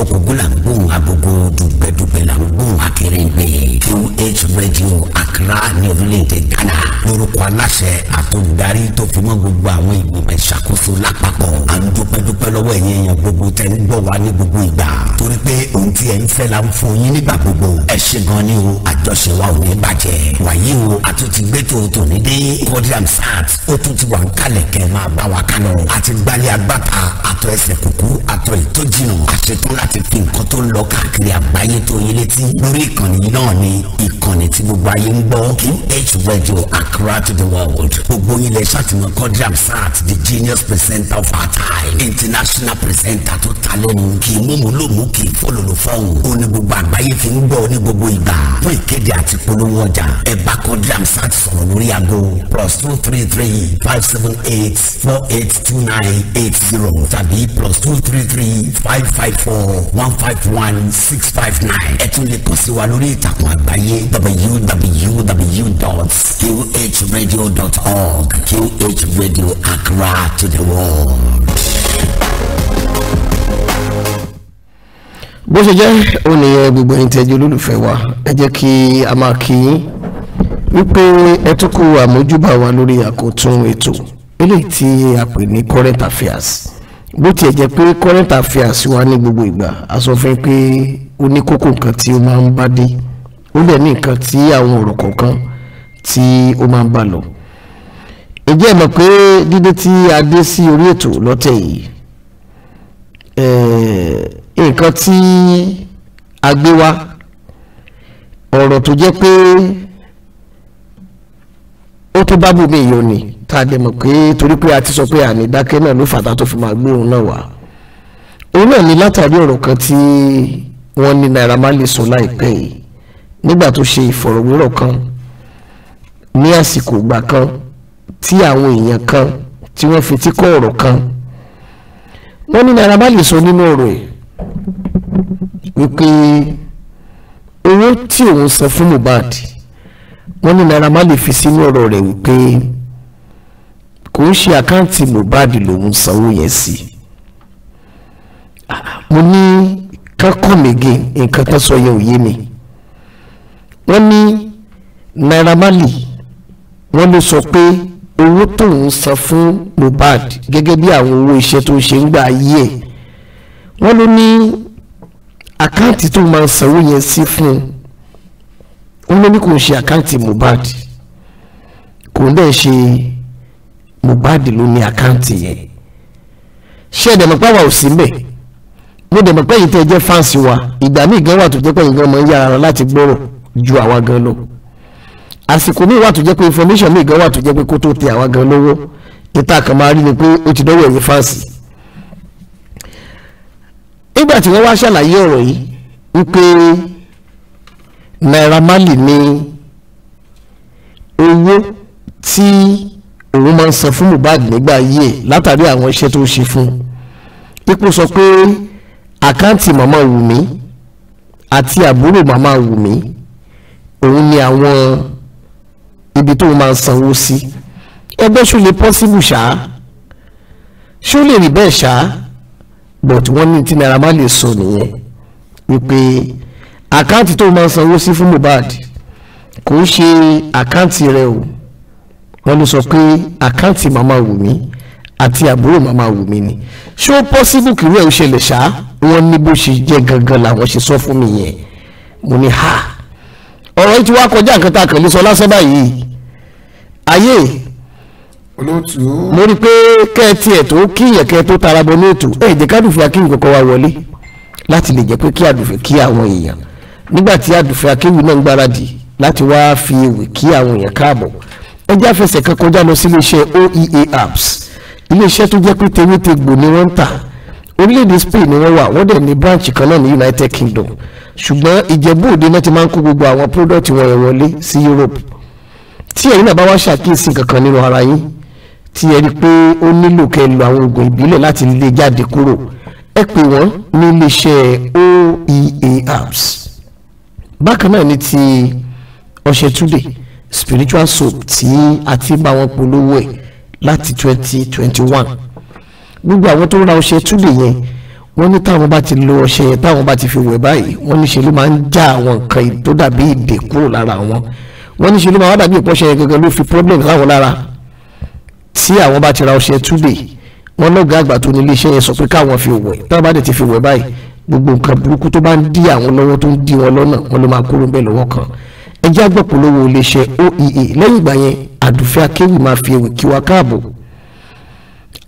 ògógó là ń gbóhùn agogo dùgbẹ́dùgbẹ́ là ń gbóhùn akérèǹgbè QH radio akra ni orílẹ̀-èdè Ghana lórúkọ aláṣẹ àtolùdarí tó fi mọ́ gbogbo àwọn ìgbìmọ̀ ìṣàkóso lápapọ̀ à ń dúpẹ́dúpẹ́ lọ́wọ́ ẹ̀yin èèyàn gbogbo tẹ́ ń gbọ́ wa ní gbogbo ìgbà torí pé ohun tí ẹ ń fẹ́ la ń fún yín nígbà gbogbo ẹ gan ni o àjọṣe wa ò ní bàjẹ́ wàyí o a tún ti gbé tòótò ní dé kọ́díàm sars ó tún ti wà ń kalẹ̀ kẹ́ máa bá wa kálọ̀ àti gbalẹ̀ agbáta àtọ̀ láti fi nǹkan tó ń lọ káàkiri àgbáyé tó yín létí lórí ìkànnì náà ni ìkànnì tí gbogbo ayé ń gbọ́ QH Radio Accra to the world gbogbo yín lè ṣàtìmọ̀ Quadri Hamzat the genius presenter of our time international presenter tó ta lẹ́nu kì í múmu lómú kì í fọ́lọ́lọ́ fọ́hùn ó ní gbogbo àgbáyé fi ń gbọ́ ní gbogbo ìgbà fún ìkéde àti polówó ọjà ẹ bá Quadri Hamzat sọ̀rọ̀ lórí aago plus two three three five seven eight four eight two nine eight zero tàbí plus two three three five five four one five one six five nine ẹ tún lè kàn sí wa lórí ìtàkùn àgbáyé www.qhradio.org qh radio accra to the world. bó ṣe jẹ́ ònìyàn gbogbo ẹni tẹ́jú olólùfẹ́ wa ẹ jẹ́ kí a máa kí yín wípé ẹ tún kú àmójúbà wa lórí àkótún ètò eléyìí tí a pè ní current affairs bó tiẹ̀ jẹ́ pé current affairs wa ní gbogbo ìgbà a sọ fún pé ó ní kókó nǹkan tí ó máa ń bá dé ó dẹ̀ ní nǹkan tí àwọn ọ̀rọ̀ kọ̀ọ̀kan tí ó máa ń bá lọ. ǹjẹ́ mọ̀ pé dídé tí a dé sí orí ètò lọ́tẹ̀ yìí nǹkan tí a gbé wá ọ̀rọ̀ tó jẹ́ pé ó tún bá bùnmí yọ ni tá a lè mọ̀ pé torí pé a ti sọ pé àní dákẹ́ náà ló fàtà tó fi máa gbé òun náà wá òun náà ni látàrí ọ̀rọ̀ kan tí wọ́n ní Naira Marley sọ láìpẹ́ yìí nígbà tó ṣe ìfọ̀rọ̀wérọ̀ kan ní àsìkò ìgbà kan tí àwọn èèyàn kan tí wọ́n fetí kọ́ ọ̀rọ̀ kan wọ́n ní Naira Marley sọ nínú ọ̀rọ̀ ẹ̀ wípé owó tí òun san fún Mohbad wọ́n ní Naira Marley fi sínú ọ̀rọ̀ rẹ̀ wípé kò ń ṣe àkáǹtì Mohbad lòún sanwó yẹn sí mo ní kákọ́mẹ́gẹ nǹkan tó sọ yẹn ò yé mi wọ́n ní Naira Marley wọ́n ló sọ pé owó tóun san fún Mohbad gẹ́gẹ́ bí àwọn owó iṣẹ́ tó ṣe ń gbà ayé ẹ̀ wọ́n ló ní àkáǹtì tó máa sanwó yẹn sí fún un wọn ló ní kò ń ṣe àkáǹtì Mohbad kò ń dẹ̀ ṣe Mohbad ló ní àkáǹtì yẹn ṣé ẹ̀dẹ̀mọ̀pá wa ò sí mbẹ̀ mo dẹ̀ mọ̀ pé yìí tẹ́ jẹ́ fáǹsì wa ìgbà míì gan wà tó jẹ́ pé yìí gan mọ̀ ń yára láti gbọ́rọ̀ ju àwa gan lọ àsìkò míì wà tó jẹ́ pé information míì gan wà tó jẹ́ pé kó tó tẹ àwa gan lọ́wọ́ níta kan máa rí ni pé ó ti dọ́wọ́ ẹ̀yìn fáǹsì nígbà tí wọ́n wá ṣàlàyé ọ̀rọ̀ yìí wípé. Naira Marley ní owó tí òun máa ń san fún Mohbad nígbà yìí látàrí àwọn iṣẹ́ tó ṣe fún ipò sọ pé àkáǹtì màmá Wùmí àti àbúrò màmá Wùmí òun ni àwọn ibi tó máa ń sanwó sí ẹgbẹ́ ṣó lè pọ́sibù ṣáá ṣó lè rí bẹ́ẹ̀ ṣáá but wọ́n ní tí Naira Marley sọ nìyẹn wípé àkáǹtì tó máa sanwó sí fún Mohbad kò ń ṣe àkáǹtì rẹ o wọ́n ló sọ pé àkáǹtì màmá Wùmí àti àbúrò màmá Wùmí ni ṣé ó pọ́sibú kìrú ẹ̀ ó ṣẹlẹ̀ ṣá wọ́n ní bó ṣe jẹ́ gangan làwọn ṣe sọ fún mi yẹn mo ní ha ọ̀rọ̀ yìí ti wá kọjá nǹkan tá a kàn lè sọ lásán báyìí ayé mo rí i pé kẹ́ ẹ tiẹ̀ tó kíyàn kẹ́ ẹ tó tara bọ ní ètò ẹ̀ jẹ́ ká dùfẹ́ akíyàn kọ̀ọ̀kan wá wọlé láti lè jẹ́ pé kí àdùfẹ́ kí àwọn èèyàn nígbà tí àdùfẹ́ akéwì náà ń gbáradì láti wáá fi ewì kí àwọn èèyàn káàbọ̀ ẹ jẹ́ àfẹsẹ̀ kan kọjá lọ sí iléeṣẹ́ oea apps iléeṣẹ́ tó jẹ́ pé tewétegbò ni wọ́n ń tà orílẹ̀ Spain ni wọ́n wà wọ́n dẹ̀ ní branch kan náà ní United Kingdom ṣùgbọ́n Ìjẹ̀bú Òde náà ti máa ń kó gbogbo àwọn product wọn yẹn wọlé sí Europe tí ẹ̀yin náà bá wá ṣàkíyèsí kankan nínú ara yín tí ẹ rí i pé ó nílò kẹ́ lo àwọn oògùn ìbílẹ̀ láti lè jáde kúrò ẹ pè wọ́n ní iléeṣẹ́ oea apps bákan náà ni ti ọṣẹ túdè spiritual soap tí a ti bá wọn polówó ẹ̀ láti twenty twenty one gbogbo àwọn tó ń ra ọṣẹ túdè yẹn wọ́n ní táwọn bá ti lo ọṣẹ yẹn táwọn bá ti fi wẹ̀ báyìí wọ́n ní ṣe ló máa ń já àwọn nǹkan tó dàbí ìdè kúrò lára wọn wọ́n ní ṣe ló máa wá dàbí ìpọ́ṣẹ yẹn gẹ́gẹ́ ló fi problem láwọn lára tí àwọn bá ti ra ọṣẹ túdè wọ́n lọ́gàá àgbà tó ní iléeṣẹ́ yẹn sọ pé káwọn fi wẹ̀ táwọn bá dẹ̀ ti fi wẹ̀ báyìí gbogbo nǹkan burúkú tó bá ń dí àwọn lọ́wọ́ tó ń dí wọn lọ́nà wọn ló máa kúrò ń lọ́wọ́ kan ẹ jẹ́ agbọ́pọ̀lọ́wọ́ iléeṣẹ́ oea lẹ́yìn ìgbà yẹn àdùfẹ́ akéwì máa fi ewì kí wa káàbọ̀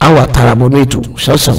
àwọn àtàràbọ̀nú ètò ṣàṣàn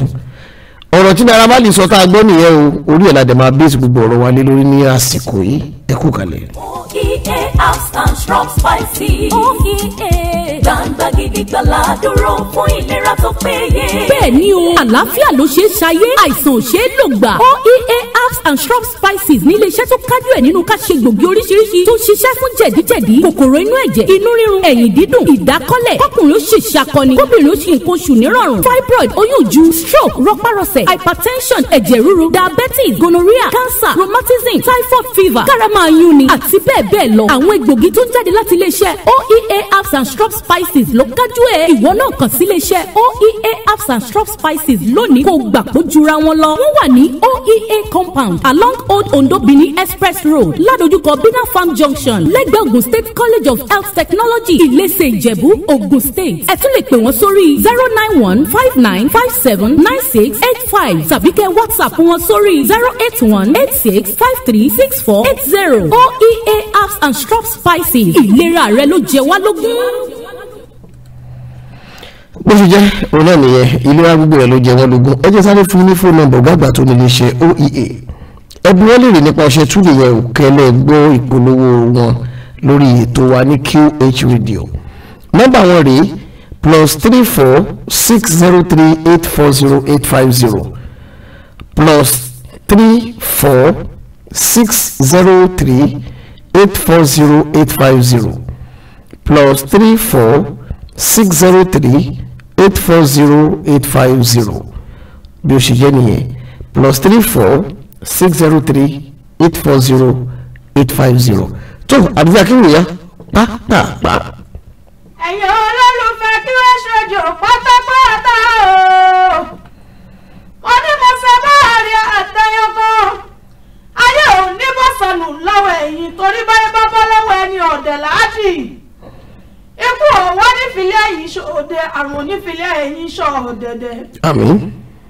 ọ̀rọ̀ tí Naira Marley sọ tá a gbọ́ nìyẹn o orí ẹ̀ ládẹ̀ máa bẹ́ẹ̀sì gbogbo ọ̀rọ̀ wa lé lórí ní àsìkò yìí ẹ kú kalẹ̀. oea house and shrub spices. oea jàǹgbà gidi gbala dúró fún ìlera tó péye. bẹ́ẹ̀ ni o àlàáfíà ló ṣe é ṣayé àìsàn ò ṣe é lò gbà. oea herbs and shrub spices ní iléeṣẹ́ tó kájú ẹ̀ nínú ká ṣe gbòógì oríṣiríṣi tó ṣiṣẹ́ fún jẹ̀díjẹ̀dí kòkòrò inú ẹ̀jẹ̀ inú rírun ẹ̀yìn dídùn ìdákọ́lẹ̀ kọ́p kọkùnrin ó ṣèṣe akọni kóbìnrin ó ṣe nǹkan oṣù nírọ̀rùn fibroid oyún ju stroke rọpárọsẹ̀ hypertension ẹ̀jẹ̀ ríru diabetes gonorrhea cancer rheumatism typhoid fever karama yunni àti bẹ́ẹ̀ bẹ́ẹ̀ lọ àwọn egbògi tó ń jáde láti iléeṣẹ́ oea herbs and strong spices ló kájú ẹ̀ ìwọ náà kàn sí iléeṣẹ́ oea herbs and strong spices lónìí kó gbà kó jura wọn lọ wọ́n wà ní oea compound along old ondo benin express road ládojúkọ bina farm junction lẹ́gbẹ̀ẹ́ ogun state college of health technology ìlẹsẹ ìjẹ̀bú ogun state ẹ tún lè pè wọ́n sórí zero nine one five nine five seven nine six eight five tàbí kẹ́ whatsapp wọn sórí zero eight one eight six five three six four eight zero oea apps and strop spices ìlera rẹ ló jẹ wá lógún bó ṣe jẹ́ òun náà nìyẹn ìlera gbogbo rẹ̀ ló jẹ́ wọ́n lógún ẹ jẹ́ sáré fún ní fóònù nọ́mbà ọ̀gá àgbà tó nílé iṣẹ́ oea ẹbí wọn lè rìn e nípa ọṣẹ tún lè yẹ gbọ́ ìpolówó wọn lórí ètò wa ní qh radio nọ́mbà wọn rèé plus three four six zero three eight four zero eight five zero plus three four six zero three eight four zero eight five zero plus three four six zero three eight four zero eight five zero bí o ṣe jẹ́ nìyẹn plus three four six zero three eight four zero eight five zero tó àdúrà kí wòye pápápá ẹ̀yin olólùfẹ́ kí wọ́n ṣojú pátápátá o wọ́n ní mo fẹ́ máa rí àtẹyọkọ ayé ò ní bó sọnù lọ́wọ́ ẹ̀yìn torí báyé bá bọ́ lọ́wọ́ ẹni ọ̀dẹ̀ láàdì ikú ọ̀wọ́ nífìlẹ̀ ẹ̀yìn ṣòde àrùn nífìlẹ̀ ẹ̀yìn ṣọ̀ọ̀dẹ̀dẹ̀. àmín.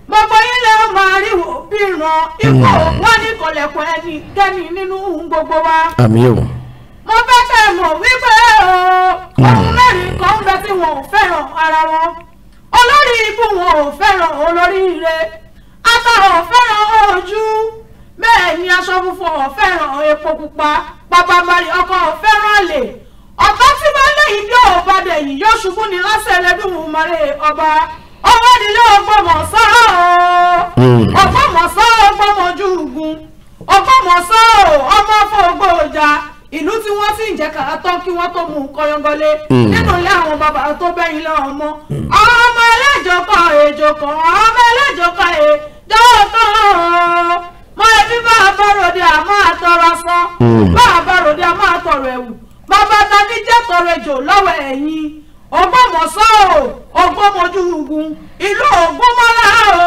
gbogbo yín lè máa rí wò bí ràn ikú hmm. ọ̀wọ́ ní ẹni kẹ́ni nínú gbogbo wa mo fẹ́ kẹ́ ẹ mọ̀ wípé hmm. ọ̀hún mẹ́rin kan ń bẹ tí wọn ò fẹ́ràn ara wọn olórí ibú wọn ò fẹ́ràn olórí ire ata ò fẹ́ràn ojú bẹ́ẹ̀ ni aṣọ funfun ò fẹ́ràn epo pupa pàpàmàrì ọkọ ò fẹ́ràn àlè ọ̀tá tí bá léyìí bí ò bá dẹ̀ yìí yóò ṣubú ni lọ́sẹ̀ lẹ́dùn mọ̀rẹ́ ọba ọwọ́ nílé ọgbọ́mọ̀sọ́ hmm. ọgbọ́mọ̀sọ́ ọgbọ́mọ̀jú ogun ọgbọ́mọ̀sọ́ ọmọ fún ogbó ọjà ìlú tí wọ́n sì ń jẹ́ kàrà tán kí wọ́n tó mú un kọyọngọlé hmm. nínú ilé àwọn bàbá tó bẹ́yìn lọ́wọ́ mọ́ ọmọ ẹlẹ́jọkọ̀ hmm. èjòkọ̀ ọmọ ẹlẹ́jọkọ̀ èjòkọ̀ mọ ẹbí bá a bá ròde a máa tọrọ aṣọ hmm. bá ròde a máa ẹ̀wù bàbá tani jẹ́ tọrọ ejò lọ́wọ́ ẹ̀yìn ògbómọ̀ṣọ́ o ògbómọjú ogun ìlú ògbómọlá o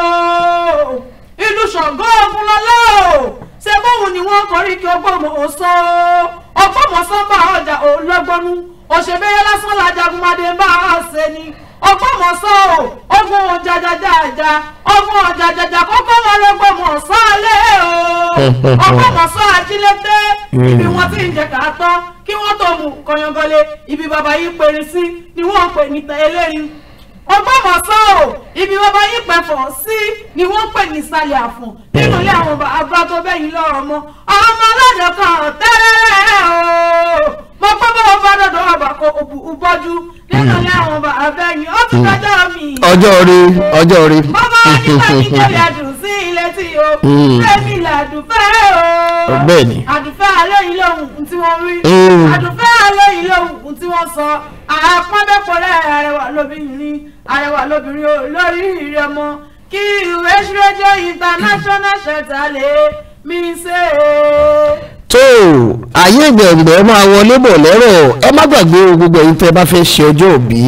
ìlú ṣọ̀gbọ́n ogun lọ́lá o ṣe bóun ni wọ́n kọrí kí ọgbọ́mọ sọ ọgbọ́mọ sọ́mbà ọjà ọlọ́gbọ́nú òṣèbẹ́yẹ lásán làjàgùnmadé bá a ṣe ni ọgbọ́mọ sọ ọ ọgbọ́n ọjà jàjàjà ọgbọ́n ọjà jàjà kọ́kọ́ wọn lọ́gbọ́mọ sọ alẹ́ e o ọgbọ́mọ sọ ajílẹ́tẹ́ hmm. ibi wọn ti ń jẹ ká tán kí wọ́n tó mú kọyọngọlé ibi bàbá yìí pèrè sí ni wọ́n pè ní eléyìí Ògbómọ̀ṣọ́ o ibi bàbá yín pẹ̀fọ̀ sí ni wọ́n pè ní ìsàlẹ̀ àfọ̀n nínú ilé àwọn bàbá tó bẹ́yìn lọ́rọ̀ mọ́ ọmọ ọlọ́dọ̀ kan tẹ́rẹ́rẹ́ o mo gbọ́ bọ́ wọn bá dọ̀dọ̀ ọba kò bọ́jú nínú ilé àwọn bàbá bẹ́yìn ó ti dọjọ́ mi. ọjọ́ rí ọjọ́ rí. bàbá nípa ìjọba àdùn sí ilé tí o hmm. fẹ́mi làdùfẹ́ o àdùfẹ́ alẹ́ yìí lóhùn tí wọ́n rí hmm. àdùfẹ́ alẹ́ yìí lóhùn tí wọ́n sọ arẹwà lóbìnrin olórí ìrẹmọ kí QH Radio International ṣẹ̀tàlẹ̀ mi ṣe é tó ayé ìgbẹ̀ǹgbẹ̀ máa wọlé bọ̀ lẹ́rọ̀ ẹ má gbàgbé gbogbo ẹ̀yin tẹ́ bá fẹ́ ṣe ọjọ́ òbí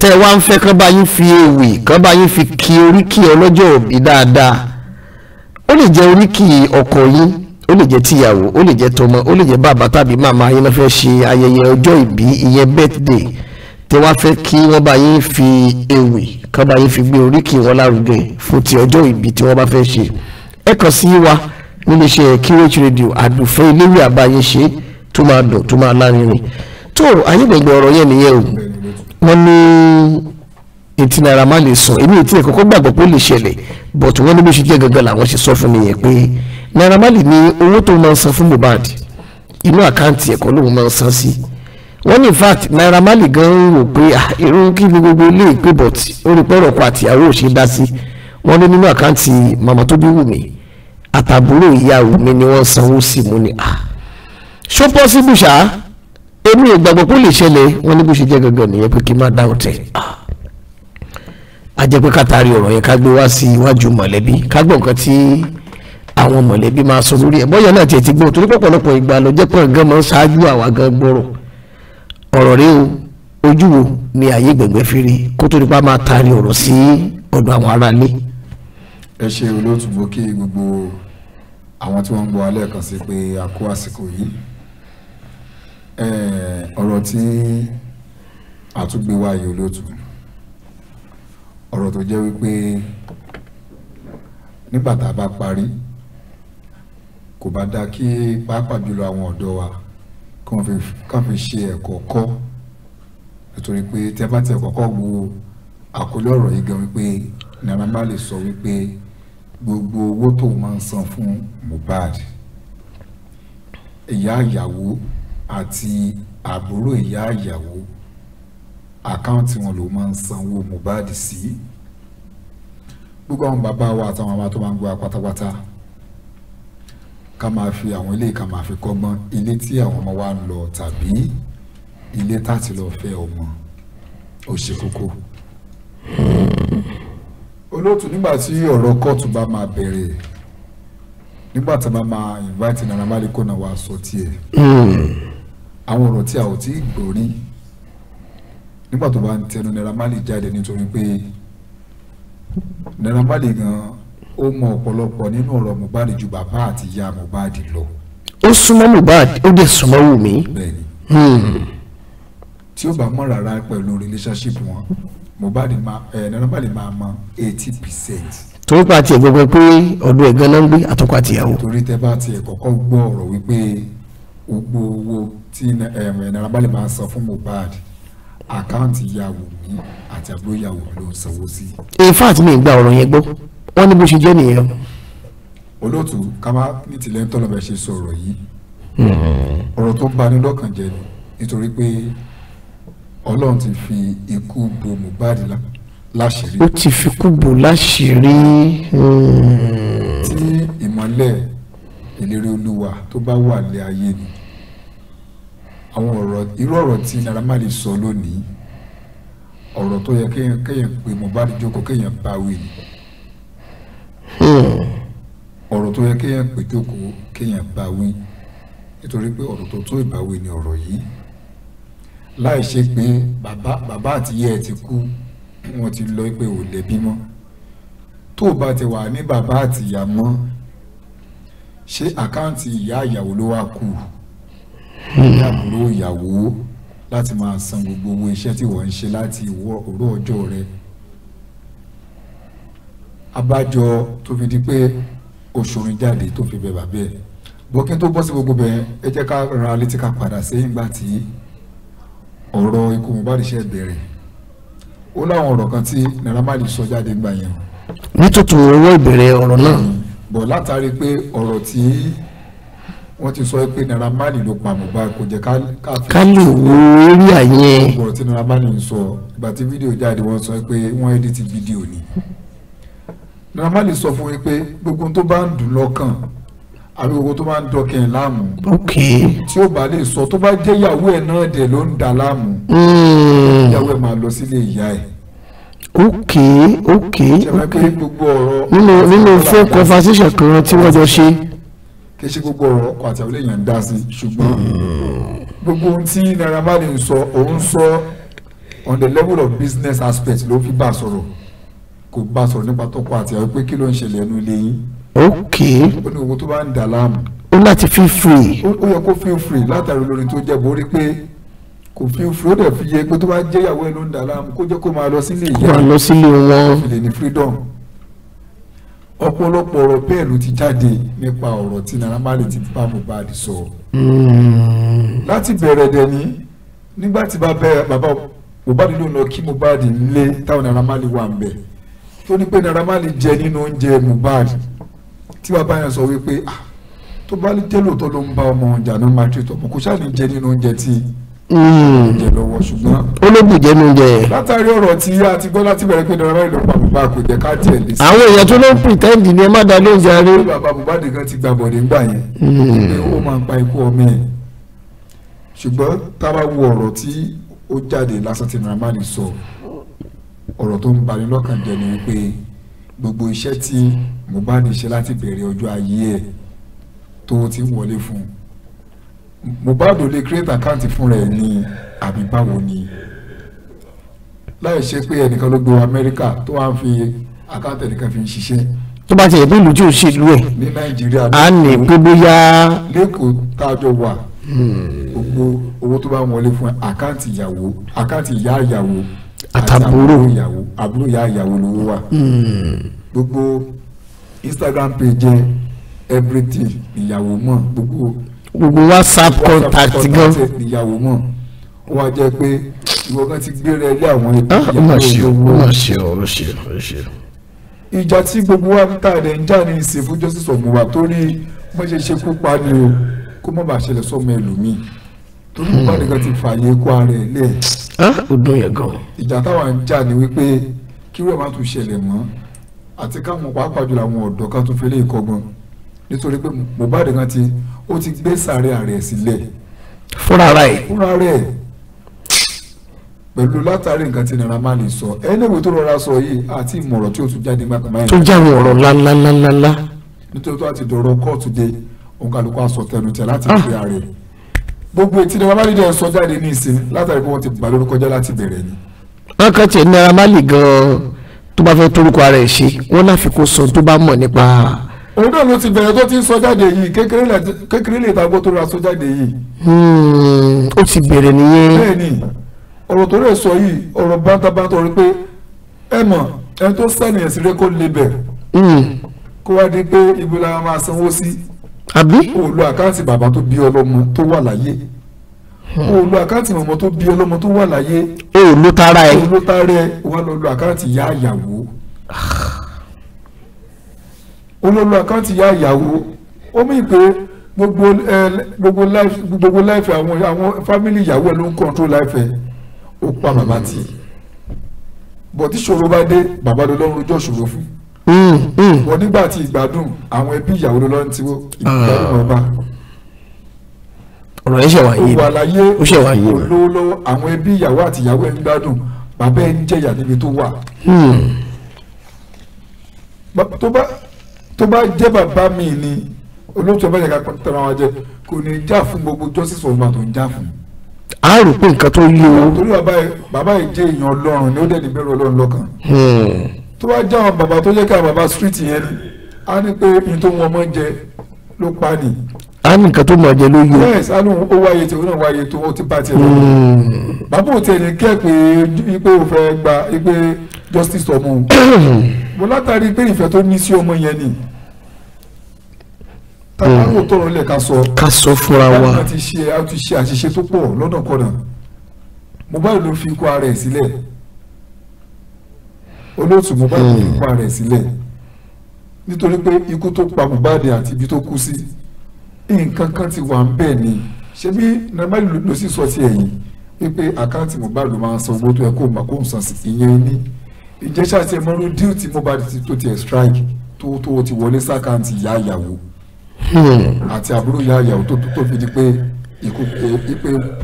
tẹ́ wá ń fẹ́ kán bá yín fi ewì kán bá yín fi ki oríkì ọlọ́jọ́ òbí dáadáa ó lè jẹ́ oríkì ọkọ yín ó lè jẹ́ tìyàwó ó lè jẹ́ tọmọ ó lè jẹ́ bàbá tàbí màmá yín ló fẹ́ ṣe ayẹyẹ ọjọ́ ìbí ìyẹn birthday tí wọ́n fẹ́ kí wọ́n bá yín fi ewì kí wọ́n bá yín fi gbé oríkì wọn lárugẹ fún ti ọjọ́ ìbí tí wọ́n bá fẹ́ ṣe ẹ kàn sí wa nínú iṣẹ́ QH radio àdùfẹ́ iléèwé àbáyé ṣe tó máa dùn tó máa lárinrin tó ayégbègbè ọ̀rọ̀ yẹn nìyẹn o wọ́n ní etí náírà má lè sọ èmi ètí ẹ̀kọ́kọ́ gbàgbọ́ pé ó lè ṣẹlẹ̀ but wọ́n ní bó ṣe jẹ́ gangan làwọn ṣe sọ fún mi yẹn pé náírà má lè ní owó tó máa ń san fún Mohbad inú àkáǹtì ẹ̀kọ́ lòun máa ń san sí wọ́n ní in fact naira marley gan rò pé ah, irú kí ni gbogbo ilé ìpè but ó rí pẹ́rọ̀ ọkọ àti ìyàwó dá sí wọ́n ní nínú àkáǹtì màmá tó bí Wùmí àtàbúrò ìyá Wùmí ni wọ́n sanwó sí mú ni ah. ṣó possible ṣá èmi ò gbàgbọ́ pé ó lè ṣẹlẹ̀ wọ́n ní bó ṣe jẹ́ gangan nìyẹn pé kí n má dáhùn tẹ̀ ah. a jẹ́ pé kátàrí ọ̀rọ̀ yẹn ká gbé wá sí iwájú mọ̀lẹ́bí ká gbọ́ nǹkan tí àwọn mọ̀lẹ́bí máa sọ lórí ẹ̀ bọ́yọ̀ náà tiẹ̀ ti gbọ́ torí pọ̀pọ̀lọpọ̀ ìgbà ló pọ̀ gan máa ń ṣáájú àwa gan gbọ́rọ̀ ọ̀rọ̀ rí o ojú wo ni ààyè gbẹ̀gbẹ́ fi rí kó tó nípa máa taari ọ̀rọ̀ sí ọ̀dọ̀ àwọn aráalé. ẹ ṣe olóòtú bó kí gbogbo àwọn tí wọ́n ń gbọ́ alẹ́ kan sí pé a kó àsìkò yìí ọ̀rọ̀ tí àtúgbéwá yìí olóòtú ọ̀rọ̀ tó jẹ́ wípé nígbà tá a bá parí kò bá dáa kí pàápàá jùlọ àwọn ọ̀dọ́ wa ká fi ṣe ẹ̀kọ́ kọ́ nítorí pé tẹ́ bá ti ẹ̀kọ́ kọ́ wo àkọlé ọ̀rọ̀ yìí gan wípé Naira Marley sọ wípé gbogbo owó tó máa ń san fún Mohbad ìyá ìyàwó àti àbúrò ìyá ìyàwó àkáǹtì wọn ló máa ń sanwó Mohbad sí gbogbo àwọn bàbá wa àtàwọn ọmọ tó máa ń gbọ́ pátápátá ká máa fi àwọn ilé ká máa fi kọ́gbọ́n ilé tí àwọn ọmọ wa ń lọ tàbí ilé táti lọ fẹ́ ọmọ ó ṣe kókó. olóòtú nígbà tí ọ̀rọ̀ kóòtù bá máa bẹ̀rẹ̀ nígbà tí a máa invite Naira Marley kó náà wá sọ tiẹ̀ àwọn ọ̀rọ̀ tí a ò tí ì gbọ́ rí nígbà tó bá ń tẹnu Naira Marley jáde nítorí pé Naira Marley gan-an ó mọ ọ̀pọ̀lọpọ̀ nínú ọ̀rọ̀ Mohbad ju bàbá àti ìyá Mohbad lọ. ó súnmọ́ Mohbad ó dẹ̀ súnmọ́ Wùmí. bẹ́ẹ̀ni hmm. tí ó bá mọ̀ rárá pẹ̀lú relationship wọn Mohbad máa ẹ̀ Naira Marley máa mọ eighty percent torí pa tiẹ̀ gbogbo pé ọdún ẹ̀gán náà ń gbé àtọ́kọ àtìyàwó. torí tẹ bá tiẹ̀ kọ́kọ́ gbọ́ ọ̀rọ̀ wípé gbogbo owó tí Naira Marley máa san fún Mohbad àkáǹtì ìyàwó mi àti àbúrò ìyàwó ló ń sanwó sí. in mi ì gba ọ̀rọ̀ yẹn gbọ́ wọ́n ní bó ṣe jẹ́ nìyẹn. olóòtú kaba ní tilẹ̀ ń tọ́lọ̀ bẹ́ẹ̀ ṣe sọ̀rọ̀ yìí hmm. ọ̀rọ̀ tó bani lọ́kàn jẹ́ ni nítorí pé ọlọ́run ti fi ikú bo Mohbad láṣìírí. ó ti fi ikú bo láṣìírí. tí ìmọ́lẹ̀ ìlérí olúwa tó bá wà lé ayé ni àwọn ọ̀rọ̀ irú ọ̀rọ̀ tí Naira Marley sọ lónìí ọ̀rọ̀ tó yẹ kéèyàn kéèyàn pé Mohbad jókòó kéèyàn bá wí ọ̀rọ̀ tó yẹ kéèyàn pè jókòó kéèyàn bá nítorí pé ọ̀rọ̀ tó tó ìbáwí ni ọ̀rọ̀ yìí láì ṣe pé bàbá bàbá àti ìyá ẹ ti kú wọn ti lọ pé ò lẹ́bí mọ́ tó o bá ti wà ní bàbá àti ìyá mọ́ ṣé àkáǹtì ìyá ìyàwó ló wá kù ìyá ìyàwó láti máa san gbogbo owó iṣẹ́ tí wọ́n ń ṣe láti òwúrọ̀ ọjọ́ rẹ̀ abájọ tó fi di pé òṣòrin jáde tó fi bẹ bàbá ẹ̀ bókí tó bọ́ sí gbogbo bẹ́ẹ̀ ẹ jẹ́ ká ra létí ká padà sẹ́yìn gbà tí ọ̀rọ̀ ikú Mohbad ṣe bẹ̀rẹ̀ ó láwọn ọ̀rọ̀ kan tí Naira Marley sọ jáde gbà yẹn. nítòtò owó ìbẹ̀rẹ̀ ọ̀rọ̀ náà. bọ̀ látàrí pé ọ̀rọ̀ tí wọ́n ti sọ pé Naira Marley ló pa Mohbad kò jẹ́ ká lè wo orí àyẹn. ọ̀rọ̀ tí Naira Marley ń sọ ìgbà tí fídíò jáde wọ́n sọ pé wọ́n edit fídíò ni normally sọ fún yín pé gbogbo tó bá ń dùn lọ́kàn àbí gbogbo tó bá ń dọkẹ́ ẹ̀ láàmú. ok tí ó bá lè sọ tó bá jẹ́ ìyàwó ẹ̀ náà dẹ̀ ló ń dà láàmú. Hmm. ìyàwó ẹ̀ máa lọ sílé ìyá ẹ̀. ok ok nínú nínú fún conversation kan tí wọ́n jọ ṣe. kì í ṣe gbogbo ọ̀rọ̀ ọkọ àti àwọn èèyàn ń dá sí ṣùgbọ́n gbogbo ohun tí Naira Marley ń sọ òun sọ on the level of business aspect ló fi bá a sọ̀rọ̀ kò bá sọ̀rọ̀ nípa tọkọ àti àwọn pé kí ló ń ṣẹlẹ̀ ẹnu ilé yín. ok ó ní owó tó bá ń dà láàmú. ó láti feel free. ó yẹ kó feel free látàrí olórin tó jẹ́ borí pé kò fi fúró dẹ̀ fi yẹ pé tó bá jẹ́ ìyàwó ẹ ló ń dà láàmú kó jẹ́ kó máa lọ sílé ìyá kó lọ sílé wọn. ìfìlè ní freedom ọ̀pọ̀lọpọ̀ ọ̀rọ̀ bẹ́ẹ̀ ló ti jáde nípa ọ̀rọ̀ tí Naira Marley ti bá Mohbad sọ. Hmm. láti bẹ̀rẹ̀ dẹ̀ ní nígbà tí bàbá Mohbad ló lọ kí Mohbad nílé táwọn Naira Marley wà ń bẹ̀ tó ní pé Naira Marley jẹ nínú oúnjẹ Mohbad tí bàbá yẹn sọ wípé ah tó bá jẹ́ lóòótọ́ ló ń bá ọmọ ọjà ló máa tètò ọmọ kò ṣáà ní jẹ nínú oúnjẹ tí oúnjẹ hmm. lọ́wọ́ ṣùgbọ́n. ó ló bù jẹ́ nínú oúnjẹ. látàrí ọ̀rọ̀ tí a ti gbọ́ láti bẹ̀rẹ̀ pé Naira Marley ló pa bùbá kò jẹ́ ká tiẹ̀ lè sí. àwọn èèyàn tó ló ń pretend ni ẹ má da lóúnjẹ aré. bàbá bùbá nìkan ti gbà bọ̀dé ńgbà yẹn. Hmm. ó máa ń pa ikú ọ̀rọ̀ tó ń bani lọ́kàn jẹ́ ni wípé gbogbo iṣẹ́ tí Mohbad ṣe láti bẹ̀rẹ̀ ọjọ́ ayé ẹ̀ tó ti wọlé fún un Mohbad ò lè create account fún rẹ̀ ní àbí báwo ni láì ṣe pé ẹnìkan ló gbé wá Amẹ́ríkà tó wá ń fi account ẹnìkan fi ń ṣiṣẹ́ tó bá ti yẹ pé ìlú tí ò ṣe ìlú ẹ ní Nàìjíríà á ní pé bóyá. lẹ́kọ̀ọ́ tájọ wà hmm. gbogbo owó tó bá wọlé fún àkáǹtì ìyàwó àkáǹtì ìyá ìyàwó àtàbúrò ìyàwó àbúrò ìyá ìyàwó ló ń wà hmm. gbogbo instagram page everything ìyàwó mọ̀ gbogbo gbogbo whatsapp contact gan ìyàwó mọ̀ ó wá jẹ́ pé ìwọ kan ti gbéra ilé àwọn ah, ìyàwó olówó ìjà tí gbogbo wa ń tà rẹ̀ ń jà ní ìsìn fún justice ọ̀mùwà torí wọ́n ṣe ṣekú pa ni o kó má bàa ṣẹlẹ̀ sọ́mọ ẹlòmíì ìbáde kan ti fààyè kó ara ẹ̀ lẹ̀. ó dùn yẹn gan. ìjà táwa ń jà ni wípé kí wọ́n má tún ṣẹlẹ̀ mọ́ àti káwọn pàápàá jùlọ àwọn ọ̀dọ́ kan tún fẹ́lẹ́ ìkọgbọ́n nítorí pé Mohbad kan ti ó ti gbé sàárẹ̀ ààrẹ sílẹ̀. fúnra rẹ̀. fúnra rẹ̀ pẹ̀lú látàrí nǹkan tí Naira Marley sọ ẹnìwé tó rọra sọ yìí àti ìmọ̀ràn tí ó tún jáde nígbà kan báyìí. tó jáwé ọ̀rọ̀ lálálálá. nítorí tó a dọ̀rọ̀ kóòtù dé òǹkàlùkọ́ àsọtẹnutẹ láti fi ah. ààrẹ gbogbo etí ni mamali dẹ̀ sọ jáde ní ìsìn látàrí pé wọ́n ti bà lórúkọ jẹ́ láti bẹ̀rẹ̀ ni. wọ́n kàn tiẹ̀ ní aramali gan-an tó bá fẹ́ torúkọ ara ẹ̀ ṣe wọ́n láfi kó sọ tó bá mọ̀ nípa. òun náà ló ti bẹ̀rẹ̀ tó ti ń sọ jáde yìí kékeré lè ta gbọ́ tó ra sọ jáde yìí. Hmm, ó ti bẹ̀rẹ̀ nìyẹn. bẹ́ẹ̀ni ọ̀rọ̀ tó rẹ̀ sọ yìí ọ̀rọ̀ bántabántọ̀ rí pé ẹ mọ̀ ẹni tó sẹ́ni ẹ̀sìn kó le hmm. kó wá di pé ìgbélára máa sanwó sí àbí. o lo àkáǹtì bàbá tó bí ọlọ́mọ tó wà láyé o lo àkáǹtì màmá tó bí ọlọ́mọ tó wà láyé. o ò lo tara ẹ. o lo tara ẹ wà lọ lo àkáǹtì ìyá ìyàwó. o lo lo àkáǹtì ìyá ìyàwó ó mú ìpè gbogbo ẹ gbogbo life gbogbo life àwọn àwọn family ìyàwó ẹ ló ń control life ẹ ó pa bàbá tì í bọ̀ tí ṣòro bá dé bàbá lọ́lọ́run jọ́ ṣòro fún un. Hmm. wọ́n nígbà tí ìgbádùn àwọn ẹbí ìyàwó ló lọ́n tiwó ìgbádùn ọba ọ̀rọ̀ yẹn ṣe wà yé mi ó ṣe wà yé mi olówó lọ́wọ́ àwọn ẹbí ìyàwó àti ìyàwó ẹ̀ ń gbádùn bàbá ẹ̀ ń jẹ̀yà níbi tó wà hmm. tó bá jẹ́ bàbá mi ni olóòtú ọba yẹn ká tẹ̀ra wọn jẹ kò ní já fún gbogbo justice for woman tó ń já fún. a rò pé nǹkan tó yé o. torí bàbá yẹn jẹ́ èèyàn ọlọ́run ni ó dẹ̀ ní bẹ̀rù ọlọ́run lọ́kàn. Hmm tó bá jẹ́ àwọn bàbá tó jẹ́ kí bàbá street yẹn ni á ní pé ohun tó wọn mọ́ jẹ ló pa ni. á ní nǹkan tó mọ̀ jẹ ló yọ. yes á ní ó wáyé tí òun náà wáyé tó ó ti bá tiẹ̀ lọ. Hmm. bàbá òtí ẹni kẹ́ pé pé o gba pé justice ọmọ òun. mo látàrí pé ìfẹ́ tó ní sí ọmọ yẹn ni. tàbá ló hmm. tọrọ lẹ̀ ká sọ. ká sọ fúnra wa. a ti ṣe àṣìṣe tó pọ̀ lọ́nà kọ̀nà. mo báyìí ló fi kó ara ẹ̀ sílẹ̀ olóòtú Mohbad kò fi pa rẹ̀ sílẹ̀ nítorí pé ikú tó pa Mohbad àti ibi tó kú sí nǹkan kan ti wà ń ni ṣé bí Naira Marley ló sì sọ sí ẹ̀yìn wípé àkáǹtì Mohbad ló máa ń san owó tó yẹ kó mà kó san ìyẹn ní ìjẹ́sà ti mọ́rú díù tí Mohbad ti tó tiẹ̀ strike tó tó ti wọlé sákàǹtì ìyá ìyàwó hmm. àti àbúrò ìyá ìyàwó tó tó fi di pé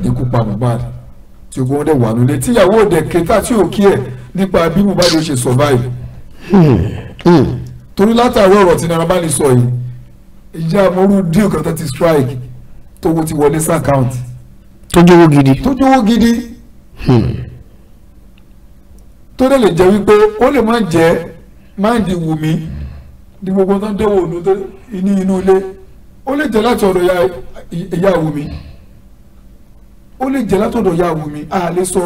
ikú pa Mohbad tí ogun wọn dẹ̀ wà nílé tíyàwó òde kẹta tí ò kí ẹ̀ nípa bí Mohbad ṣe survive. Hmm. Hmm. torí látàrí ọ̀rọ̀ tí Naira Marley sọ yìí ìyá amúrú díò kan tó ti strike tówó ti wọlé sí account. tó jówó gidi. tó jówó gidi. Hmm. tó dẹ̀ lè jẹ́ wípé ó lè má jẹ́ máìndì Wùmí ní gbogbo tó ń dẹ́wọ̀ inú ilé ó lè jẹ́ láti ọ̀dọ̀ ìyá Wùmí ó lè jẹ́ látọ̀dọ̀ ya wù mí a lè sọ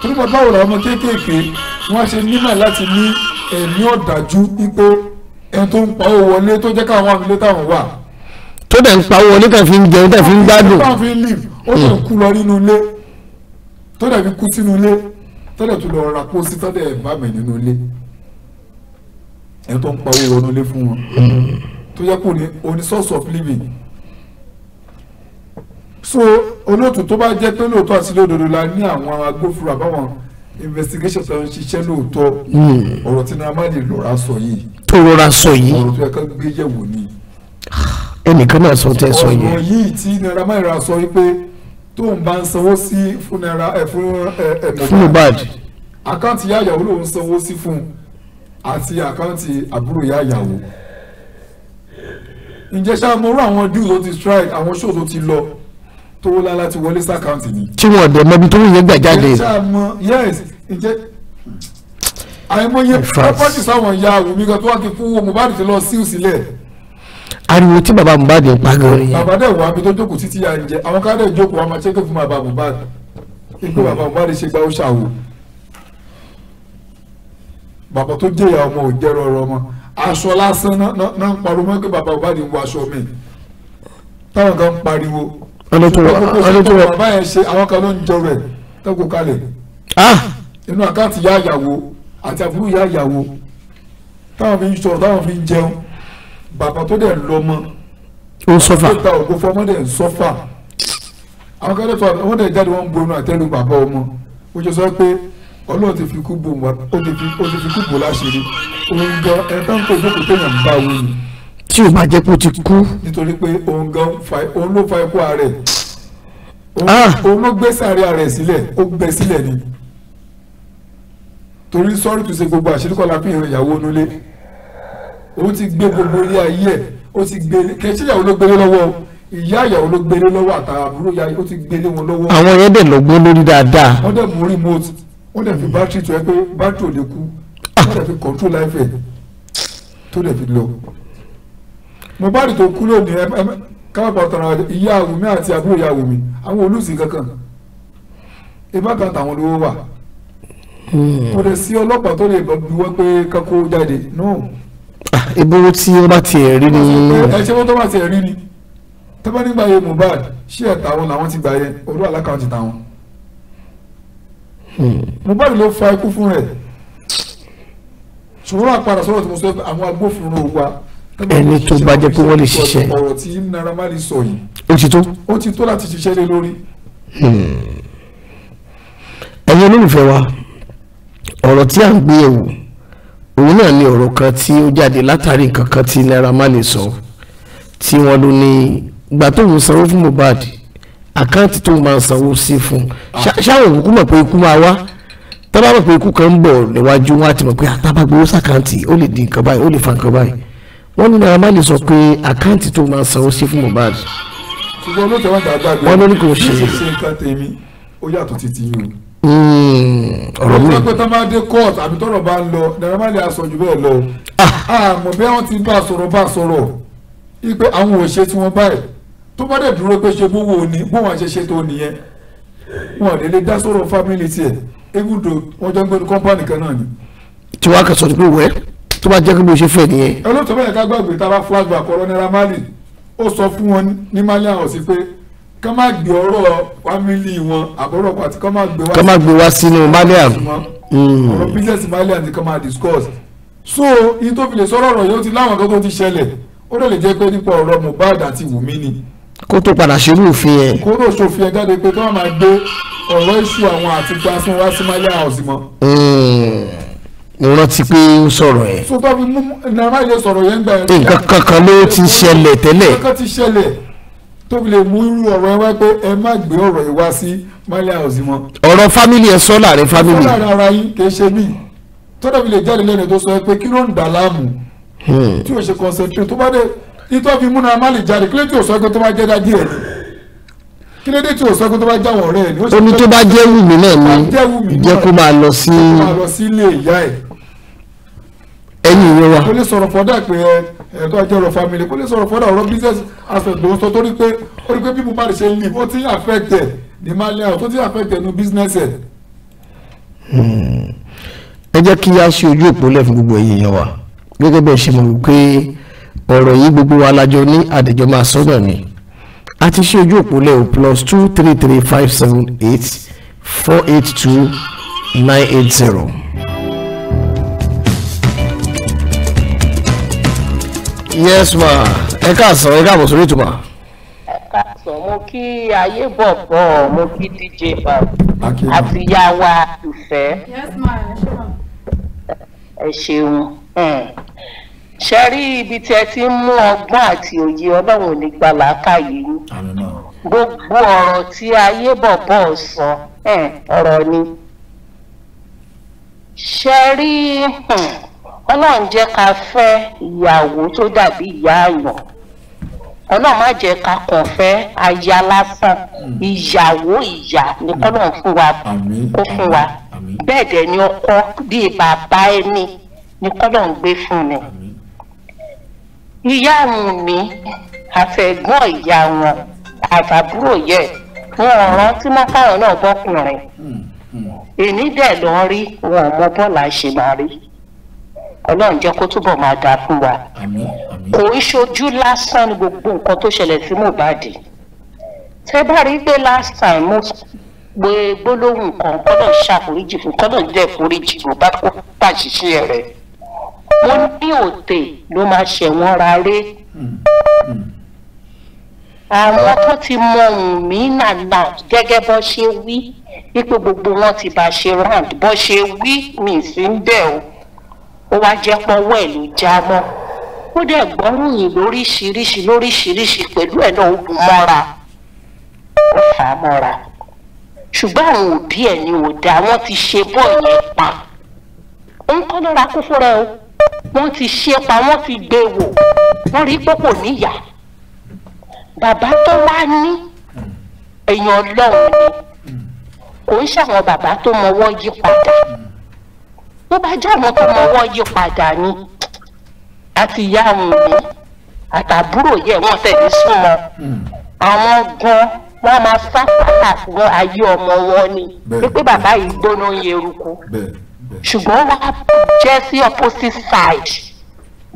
torí bàbá òrà ọmọ kéékèèké wọ́n ṣe nímọ̀ láti ní ẹ̀mí ọ̀dájú ipò ẹni tó ń pa owó wọlé tó jẹ́ káwọn àmì létà wọn wà. tó dẹ̀ ń pa owó wọlé kan fi ń jẹun tẹ̀ fi ń gbádùn. tó fi ń lì ó sì hmm. kú lọ nínú ilé tó dẹ̀ fi kú sínú ilé tó dẹ̀ tún lọ ra kó sí tó dẹ̀ bá mi nínú ilé ẹni tó ń pa owó wọnú ilé fún wọn hmm. tó jẹ́ kó ní oní source of living so olóòtú tó bá jẹ́ pé lóòótọ́ àti lódodo la ní àwọn agbófinró àbáwọn investigation tó ń ṣiṣẹ́ lóòótọ́ hmm. ọ̀rọ̀ tí Naira Marley lọ́ra sọ yìí. tó rọra sọ yìí. ọ̀rọ̀ tó yẹ ká gbé yẹ̀wò ni. ẹnìkan náà sọ tẹ sọ yẹn. ọ̀rọ̀ yìí tí Naira Marley ra sọ wípé tóun bá ń sanwó sí fún naira ẹ eh, fún ẹ eh, eh, fún Mohbad àkáǹtì ìyá ìyàwó lòun sanwó sí fún àti àkáǹtì àbúrò ìyá ìyàwó ǹjẹ́ ṣáà mo rú àwọn deal ti strike àwọn show ti lọ tó lára ti wọlé sí àkáǹtì ni. tí wọn dẹ̀ mọbi tó yẹ gbà jáde. ìjà mọ yes ǹjẹ́ àìmọye pọ́pọ́tì sáwọn ìyá omi kan tó wá kí fún wọn Mohbad fi lọ síù sílẹ̀. ariwo tí baba Mohbad ń pa gan yẹn. dẹ̀ wà á jókòó títí yà ń jẹ àwọn ká dẹ̀ jókòó àmọ́ ṣẹ́kẹ̀ fún bàbá Mohbad ikú hmm. bàbá Mohbad ṣe gbá ó ṣàwò bàbá tó jẹ́ ìyá ọmọ ò rọrọ ọmọ aṣọ lásán náà ń pariwo mọ́ pé bàbá Mohbad ń wọ aṣọ mi táwọn kan ń pariwo ọdún tó wọ ọdún tó wọ. bàbá yẹn ṣe àwọn kan ló ń jọ rẹ̀ tọ́kù kalẹ̀ ah! inú àkáǹtì yá àyàwó àti àbúrò yá àyàwó táwọn fi ń sọ̀rọ̀ táwọn fi ń jẹun bàbá tó dẹ̀ lọ́mọ. ó sọ́fà ó ta ògbó fọmọdé ń sọ́fà àwọn kan lẹ́tọ̀ wọ́n dẹ̀ jáde wọ́n ń bonú àtẹ́lu bàbá ọmọ ó ṣe sọ pé ọlọ́run ti fi kú bò wá ó ti fi kú bò láṣìírí òun gan ẹ̀ ìjókòó tó yàn ń bá wí ni tí o máa jẹ́ kó ti kú. nítorí pé òun gan òun ló fa ikú ààrẹ òun ah! ló gbé sáré ààrẹ sílẹ̀ ó gbẹ sílẹ̀ ni torí sọ́ọ́rì tó ṣe gbogbo àṣírí kọ́lá fi hàn ìyàwó onúlé òun ti gbé gbogbo ilé ayé ẹ̀ ó ti gbé kẹ́sí ìyàwó ló gbélé lọ́wọ́ ìyá ìyàwó ló gbélé lọ́wọ́ àtàbúrò ìyá ó ti gbélé wọn lọ́wọ́. àwọn yẹn dẹ̀ lọ́gbọ́n lórí dáadáa. wọ́n dẹ̀ mú remote wọ́n dẹ̀ fi bátìrì tó yẹ pé bátìrì ò lè kú ah! wọ́n dẹ̀ fi control life tó dẹ̀ fi lọ. Mohbad tó kú lónìí ẹ káwọn tọrọ ìyá Wùmí àti àbúrò ìyá Wùmí àwọn olùsìn kankan ìbátan tàwọn olówó wà hmm. kò lè sí ọlọ́pàá tó lè buwọ́ pé kankan ó jáde náà ah, ìbúrú tí wọ́n bá tiẹ̀ rí ni. ẹ ṣé wọ́n tó bá tiẹ̀ rí ni tọ́ba nígbà yẹn Mohbad ṣé ẹ̀ta wọn làwọn ti gbà yẹn olú alákàntì táwọn. Hmm. Mohbad ló fa ikú fún rẹ̀ ṣùgbọ́n àpàdà sọ̀rọ̀ tí mo sọ àwọn agbófinró wa ẹni tó bá jẹ́ pé wọ́n lè ṣiṣẹ́. ọ̀rọ̀ tí Naira Marley sọ yìí. ó ti láti ṣiṣẹ́ lé lórí. Hmm. ẹ̀yin olólùfẹ́ wa ọ̀rọ̀ tí à ń gbé yẹ̀wò òun náà ni ọ̀rọ̀ kan tí ó jáde látàrí nǹkan kan tí Naira Marley sọ tí wọ́n ló ní gbà tóun sanwó fún Mohbad àkáǹtì tóun máa ń sanwó sí fún ṣáà òun kú pé ikú máa wá tọ́lá mọ̀ pé ikú kan ń bọ̀ níwájú wọn àti mọ̀ pé àtàbàgbé ah, ó sàkáǹtì ó lè di nǹkan báyìí ó lè fa nǹkan báyìí wọ́n ní Naira Marley sọ pé àkáǹtì tó máa sanwó sí fún Mohbad. ṣùgbọ́n ló tẹ̀wá gbàgbà pé wọ́n lórí kò ṣe hmm, ọ̀rọ̀ mi. ọ̀rọ̀ tó máa dé court àbí tọ́rọ̀ bá ń lọ Naira Marley aṣọ jù bẹ́ẹ̀ lọ. àmọ́ ah. bí wọ́n ti bá sọ̀rọ̀ bá sọ̀rọ̀ ipe àwọn ò tí wọ́n báyìí tó bá dẹ̀ dúró pé ṣe bówó ni bóun àṣẹṣe tó nìyẹn wọn ò lè dá sọ̀rọ̀ family tiẹ̀ even though wọ́n jọ ń gbé company kan náà ni. tí wàá kà sọ pé wẹ́ẹ́ tó bá jẹ́ pé bó ṣe fẹ́ nìyẹn. olóòtú bẹ́ẹ̀ ká gbàgbé tá a bá flashback ọ̀rọ̀ Naira Marley ó sọ fún wọn ní Marley house pé ká má gbé ọ̀rọ̀ fámìlì wọn àbọ̀rọ̀ pàtí ká má gbé wá. ká má gbé wá sínú Marley house. Hmm. ọ̀rọ̀ business Marley house ni ká má discuss. so iye tó fi lè sọ̀rọ̀ ọ̀rọ̀ yóò ti láwọn kan tó ti ṣẹlẹ̀ ó lè jẹ́ pé nípa ọ̀rọ̀ Mohbad àti Wùmí ni kó tó padà ṣerú òfin yẹn. kó tó ṣòfin ẹ pé káwọn máa gbé ọ̀rọ̀ mo rántí pé ó sọ̀rọ̀ ẹ̀. sọtọ́ fi mú nàìjíríà yẹn sọ̀rọ̀ yẹn gbà. nǹkan kankan ló ti ṣẹlẹ̀ tẹ́lẹ̀. nǹkan ti ṣẹlẹ̀ tó fi lè mú irú ọ̀rọ̀ ẹ wá pé ẹ má gbé ọ̀rọ̀ yìí wá sí mọ́lẹ̀ àwòsí mọ́. ọ̀rọ̀ fámìlì ẹ sọ láàrin fámìlì. sọ láàrin ara yín kì í ṣe mí tọ́dọ̀ fi lè jáde lẹ́nu tó sọ ẹ pé kí ló ń dà láàmú hmm. tí o ṣe concentrate kí ló tí o sọ pé tó bá jẹ́ dá díẹ̀ ni kí tó bá jẹ́ wùmí náà ni jẹ́ kó máa lọ sí ilé ìyá ẹ̀ lẹ́yìn yín wá. kò lè sọ̀rọ̀ fọ́dà pé ẹ̀kọ́ ẹjọ́ ọ̀rọ̀ family kò lè sọ̀rọ̀ fọ́dà ọ̀rọ̀ business aspect ló sọ torí pé ó pé bí mo bá lè ṣe ń ó ti affect ẹ̀ ní máa lẹ́yìn ó ti affect ẹ̀ ní business ẹ̀. Hmm. ẹ jẹ́ kí a ṣe ojú òpó lẹ́fún gbogbo èyí yẹn wa gẹ́gẹ́ bẹ́ẹ̀ ṣe mọ̀ pé ọ̀rọ̀ yìí gbogbo wa lájọ ní àdìjọ máa sọ́nà ni a ti ṣe ojú òpó lẹ́wọ̀ two three three five seven eight four eight two nine eight zero. yes ma ẹ káàsán ẹ káàbọ̀ sórí ìtumọ̀. ẹ káàsán mo kí ayé bọ̀ bọ̀ mo kí dj bam àti ya wa ìfẹ́. yes ma ẹ ṣeun ṣe rí ibi tí ẹ ti ń mú ọgbọ́n àti òye ọlọ́run ò ní gba làákàyè yín gbogbo ọ̀rọ̀ tí ayé bọ̀ bọ̀ sọ ọ̀rọ̀ ni ṣe rí. Hmm, ọlọ́run jẹ́ ká fẹ́ ìyàwó tó dàbí ìyá àyàn ọlọ́run má jẹ́ ká kàn fẹ́ aya lásán hmm. ìyàwó ìyá ni hmm. kọ́lọ́run fún wa kó fún wa bẹ́ẹ̀ dẹ̀ ni ọkọ bíi bàbá ẹni ni kọ́lọ́run gbé fún mi ìyá àwọn mi àfẹ̀gbọ́n ìyá wọn àbàbúrò yẹ wọn ò rántí mọ́kàrún náà bọ́kùnrin hmm. èní dẹ̀ lọ́ọ́ rí wọn ò mọ bọ́ọ̀lù àṣemàrí ọlọ́run jẹ́ kó túbọ̀ máa dáa fún wa kò í ṣojú lásán ní gbogbo nǹkan tó ṣẹlẹ̀ sí Mohbad tẹ́ bá rí pé last time mo gbé gbólóhùn kan kọ́nà ṣàforíjì fún kọ́nà jẹ́ foríjì kò bá kó pàṣíṣe rẹ̀ mo ní òtè ló máa ṣẹ̀wọ̀n ra ré hmm, hmm. àwọn tó ti mọ ohun mi nànà gẹ́gẹ́ bó ṣe wí wípé gbogbo wọn ti bá ṣe round bó ṣe wí mi sí ń bẹ̀ o ó wá jẹ́ pọ́wọ́ ẹ̀ ló já mọ́ ó dẹ̀ gbọ́rùn lóríṣiríṣi lóríṣiríṣi pẹ̀lú ẹ̀ náà ó dùn mọ́ra ó fà á mọ́ra ṣùgbọ́n àwọn òbí ẹ̀ ni ò dáa ti ṣe bọ́ ìyẹn pa ó ń kọ́ lọ́ra kú fúnra o wọ́n ti ṣe pa wọ́n ti gbé wò wọ́n rí pé kò níyà bàbá tó wá ní èèyàn ọlọ́run ni kò ń ṣàwọn bàbá tó mọwọ́ yí padà. Mm tó bá jẹ́ àwọn tó mọ́wọ́ yí padà ni àti ìyá wọn ni àtàbúrò yẹ wọn tẹ̀lé súnmọ́ àwọn gan wọn máa sá pátá fún ayé ọmọ wọn ni pé bàbá yìí gbóná ń yeruku ṣùgbọ́n wàá jẹ́ sí opposite side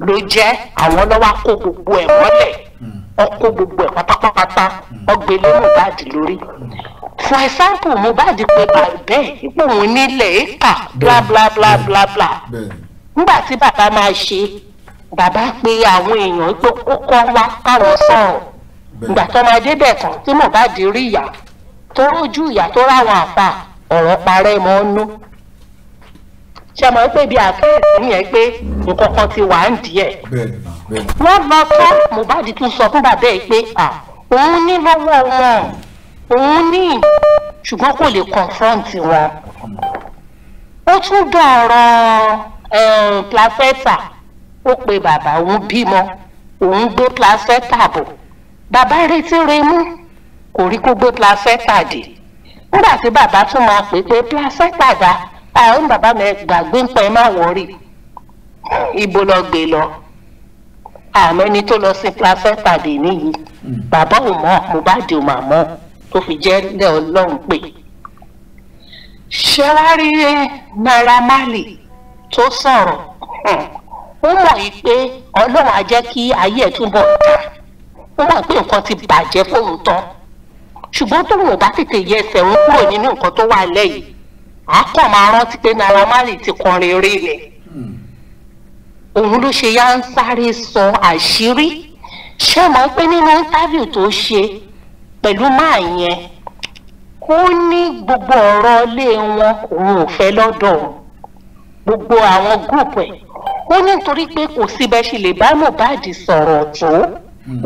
ló jẹ́ àwọn lọ́wọ́ kó gbogbo ẹ̀ mọ́lẹ̀ hmm. ọkọ̀ gbogbo ẹ̀ pátápátá hmm. ọgbẹ́lẹ́mọ̀ báàdì lórí hmm for example Mohbad pé bàbá ẹ̀ ipò òun nílẹ̀ éka bla bla bla bla bla nígbà tí bàbá máa ṣe bàbá pé àwọn èèyàn pé ó kọ́ wá káwọn sọ̀rọ̀ ìgbà tó máa débẹ̀ kan tí Mohbad rí ìyá tó rójú ìyá tó ráwọn àpá ọ̀rọ̀ parẹ́ mọ́ nú ṣe mọ̀ pé bí àkẹ́yẹ̀sí yẹn pé nǹkan kan ti wà ń díẹ̀ wọ́n lọ tán Mohbad tún sọ fún bàbá ẹ̀ pé òun ní lọ́wọ́ wọn òun ní ṣùgbọ́n kò lè confront wọn. ó tún dọ̀rọ̀ eh, placenta ó pe bàbá òun bímọ òun gbé placenta bọ̀ bàbá retí remú kò rí kó gbé placenta dé nígbà tí bàbá tún máa pè pé placenta dá àwọn bàbá mi gbàgbé ń pẹ́ má wọ̀rí ibo lọ gbé lọ àmọ́ ẹni tó lọ sí placenta dè níyì hmm. bàbá ò mọ̀ Mohbad ò mà mọ̀ tó fi jẹ́ ilé ọlọ́run pé ṣẹ́wárí Naira Marley tó sọ̀rọ̀ hmm, ó mọ̀ yìí pé ọlọ́run á jẹ́ kí ayé ẹ̀ túbọ̀ dá ó mọ̀ pé nǹkan ti bàjẹ́ fóun tán ṣùgbọ́n tó wò bá tètè yẹ ẹsẹ̀ ń kúrò nínú nǹkan tó wà lẹ́yìn á kàn máa rántí pé Naira Marley ti kọrin eré rẹ̀ òun ló ṣe yá ń sáré sọ àṣírí ṣé mọ̀ pé nínú íńtábìù tó ṣe pẹ̀lú máa yẹn ó ní gbogbo ọ̀rọ̀ ilé wọn òun ò fẹ́ lọ́dọ̀ gbogbo àwọn gúùpù ẹ̀ ó ní nítorí pé kò sí bẹ́ẹ̀ ṣe lè bá Mohbad sọ̀rọ̀ tó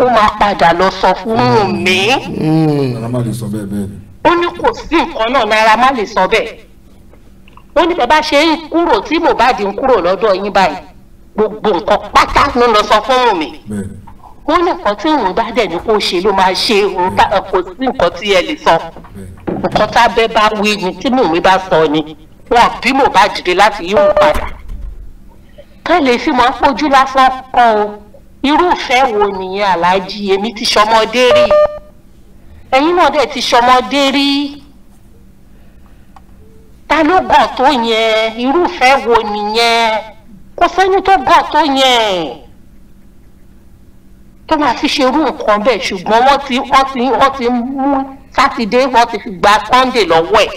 ó máa padà lọ sọ fún hmm. mi. Hmm. ó ní kò sí nǹkan náà náírà má lè sọ bẹ́ẹ̀ ó ní bàbá ṣe ń kúrò tí Mohbad ń kúrò lọ́dọ̀ yín báyìí gbogbo nǹkan pátá ló lọ sọ fún mi ó ní nǹkan tí òun bá dẹ̀ ní kó ṣe ló máa ṣe òun bá kò sí nǹkan tí ẹ lè sọ nǹkan tábẹ́ bá wí ni tí mò ń bá sọ ni wọn bí mo bá dìde láti yí òun padà ká lè fi máa fojú lásán kan o irúfẹ́ wo nìyẹn aláàjì èmi ti ṣọmọdé rí ẹ̀yin náà dẹ̀ ti ṣọmọdé rí ta ló gọ̀ tó yẹn irúfẹ́ wo nìyẹn kò sẹ́ni tó gọ̀ tó yẹn tó máa fi ṣerú nǹkan bẹ́ẹ̀ ṣùgbọ́n wọ́n ti wọ́n ti wọ́n ti mú sátidé wọ́n ti fi gba sunday lọ́wọ́ ẹ̀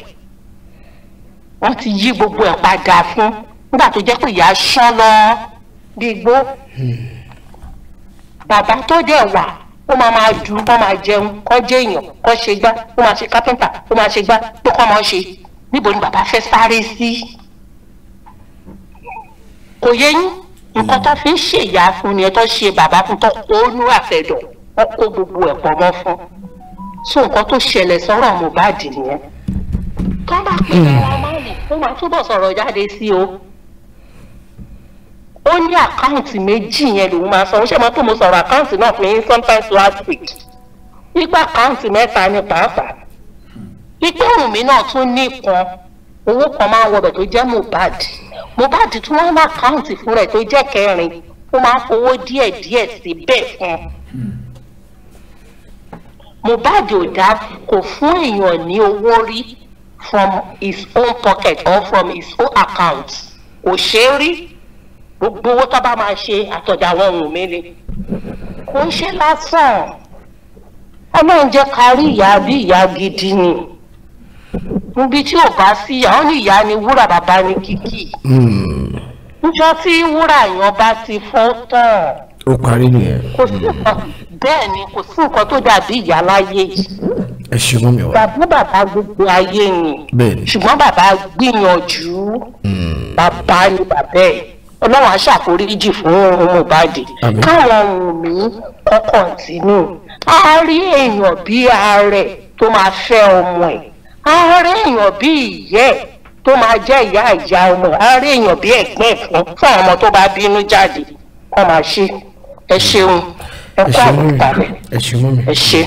wọ́n ti yí gbogbo ẹ̀ padà fún nígbà tó jẹ́ pé ìyá ṣán lọ bí igbó bàbá tó dẹ̀ wà ó máa máa dùn kó máa jẹun kó jẹ èèyàn kó ṣe gbá kó máa ṣe kápẹ́ńtà kó máa ṣe gbá tó kọ́ máa ṣe níbo ni bàbá fẹ́ sáré sí kò yẹ yín nǹkan tó fi ń ṣe ìyá fún ni ẹ tó ṣe bàbá fún tó kónú àfẹ̀dọ̀ wọ́n kó gbogbo ẹ̀ pọ̀ mọ́ fún so nǹkan tó ṣẹlẹ̀ sọ́rọ̀ Mohbad nìyẹn tó bá pè é wọn máa lè ó máa túbọ̀ sọ̀rọ̀ jáde sí o ó ní àkáǹtì méjì yẹn lòun máa sọ ó ṣe máa tó mo sọ̀rọ̀ àkáǹtì náà fún yín sometimes last week nípa àkáǹtì mẹ́ta ni pàápàá pípẹ́ òun mi náà tún ní kan owó kan máa ń wọbẹ̀ tó jẹ́ Mohbad Mohbad tí wọ́n wá káùntì fún rẹ̀ tó jẹ́ kẹrin ó máa ń fowó díẹ̀ díẹ̀ sí bẹ́ẹ̀ fún Mohbad ò dá kò fún èèyàn ní owó rí from his own pocket or from his own account kò ṣe é rí gbogbo owó tó bá máa ṣe àtọ̀dá àwọn ohun mi ni kò ṣe lásán ọlọ́run jẹ́ ká rí ìyá bí ìyá gidi ni. Mm níbi tí ò bá sí ìyá wọn ní ìyá ni wúrà bàbá ni kìkì hmm. níjọ́ tí wúrà yẹn bá ti fọ́ tán ó parí nìyẹn. kò sí nǹkan hmm. bẹ́ẹ̀ ni kò sí nǹkan tó dàbí ìyá láyé. ẹ ṣeun mi wá. bàbá bàbá gbogbo ayé ni. bẹ́ẹ̀ni. ṣùgbọ́n bàbá gbìyànjú. Hmm. bàbá ni bàbá ẹ̀ ọlọ́run á ṣàforíjì fún Mohbad. káwọn ohun mi ọkàn tì a rí èèyàn bíi ààrẹ tó máa fẹ́ ọmọ ẹ̀ ààrẹ èèyàn bíi ìyẹ́ ẹ̀ tó máa jẹ́ ìyá ìyá ọmọ ààrẹ èèyàn bíi ẹ̀gbọ́n ẹ̀ fún fún àwọn ọmọ tó bá bínú jáde wọ́n máa ṣe ẹ ṣeun ẹ kó àwọn ìpàdé ẹ ṣe.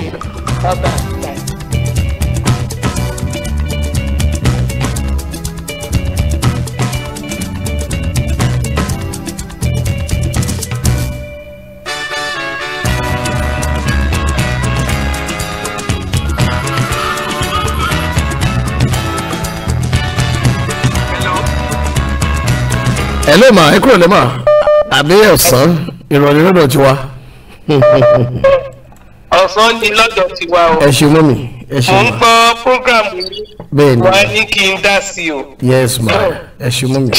ẹ lè mà ẹ kúrò lè mà àbí ọ̀sán ìrọ̀lẹ́ lọ́dọ̀ tiwa. ọ̀sán ni lọ́dọ̀ tiwa o. ẹ ṣeun mọ́mì ẹ ṣeun ma. mo ń gbọ́ programu mi. bẹ́ẹ̀ni wàá ní kí n dá sí o. yes ma ẹ ṣeun mọ́mì.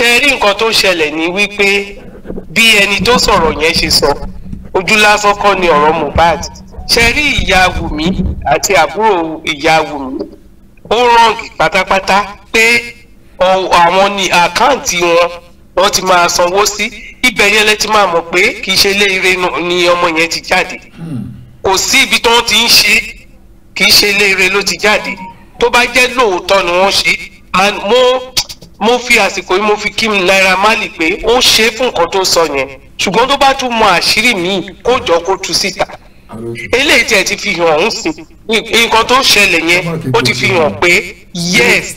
ṣe rí nǹkan tó ṣẹlẹ̀ ní wípé bí ẹni tó sọ̀rọ̀ yẹn ṣe sọ ojú lásán kọ́ ni ọ̀rọ̀ Mohbad ṣe rí ìyá Wùmí àti àbúrò ìyá Wùmí ó rọ̀ǹgì pátápátá pé àwọn ní àkáǹtì wọn wọ́n ti máa sanwó sí ibẹ̀ yẹn lẹ ti máa mọ̀ pé kì í ṣe ilé ire ni ọmọ yẹn ti jáde hmm. kò sí ibi tí wọ́n ti ń ṣe kì í ṣe ilé ire ló ti jáde tó bá jẹ́ lóòótọ́ ni wọ́n ṣe mo mo fi àsìkò yìí mo fi kí Naira Marley pé ó ṣe é fún nǹkan tó sọ yẹn ṣùgbọ́n tó bá tún mọ àṣírí míì kó jọ kó tú síta eléyìí tí ẹ ti fi hàn ń sìn nǹkan tó ṣẹlẹ̀ yẹn ó ti fi hàn pé yes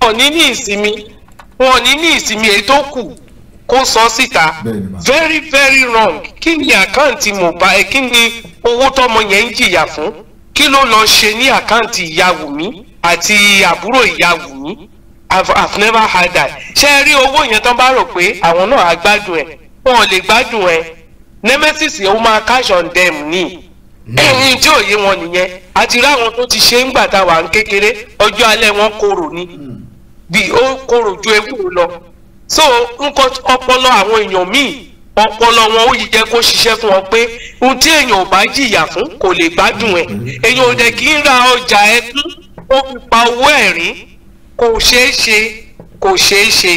wọn ní ní ìsinmi wọn ní ní ìsinmi èyí tó kù kó sọ síta very very wrong kí ni àkáǹtì Mohbad kí ni owó tọmọ yẹn ń jìyà fún kí ló lọ ṣe ní àkáǹtì ìyá Wùmí àti àbúrò ìyá Wùmí I've never had that ṣé ẹ rí owó yẹn tán bá rò pé àwọn náà á gbádùn ẹ̀ wọn ò lè gbádùn ẹ nemesis yẹn ó máa cash on them ni hmm. ẹyin tí ò yé wọn nìyẹn àti ráwọn tó ti ṣe ńgbà tá wà ń kékeré ọjọ́ alẹ́ wọn korò ni hmm. bí ó korò ju ewúro lọ so nǹkan ọpọlọ àwọn èèyàn míì ọpọlọ wọn ó yẹ kó ṣiṣẹ́ fún wọn pé ohun tí èèyàn ò bá jìyà fún kò lè gbádùn ẹ̀ hmm. èèyàn ò dẹ̀ kí ń ra ọjà ẹkún ó fi pa owó ẹ̀rín kò ṣeé ṣe kò ṣeé ṣe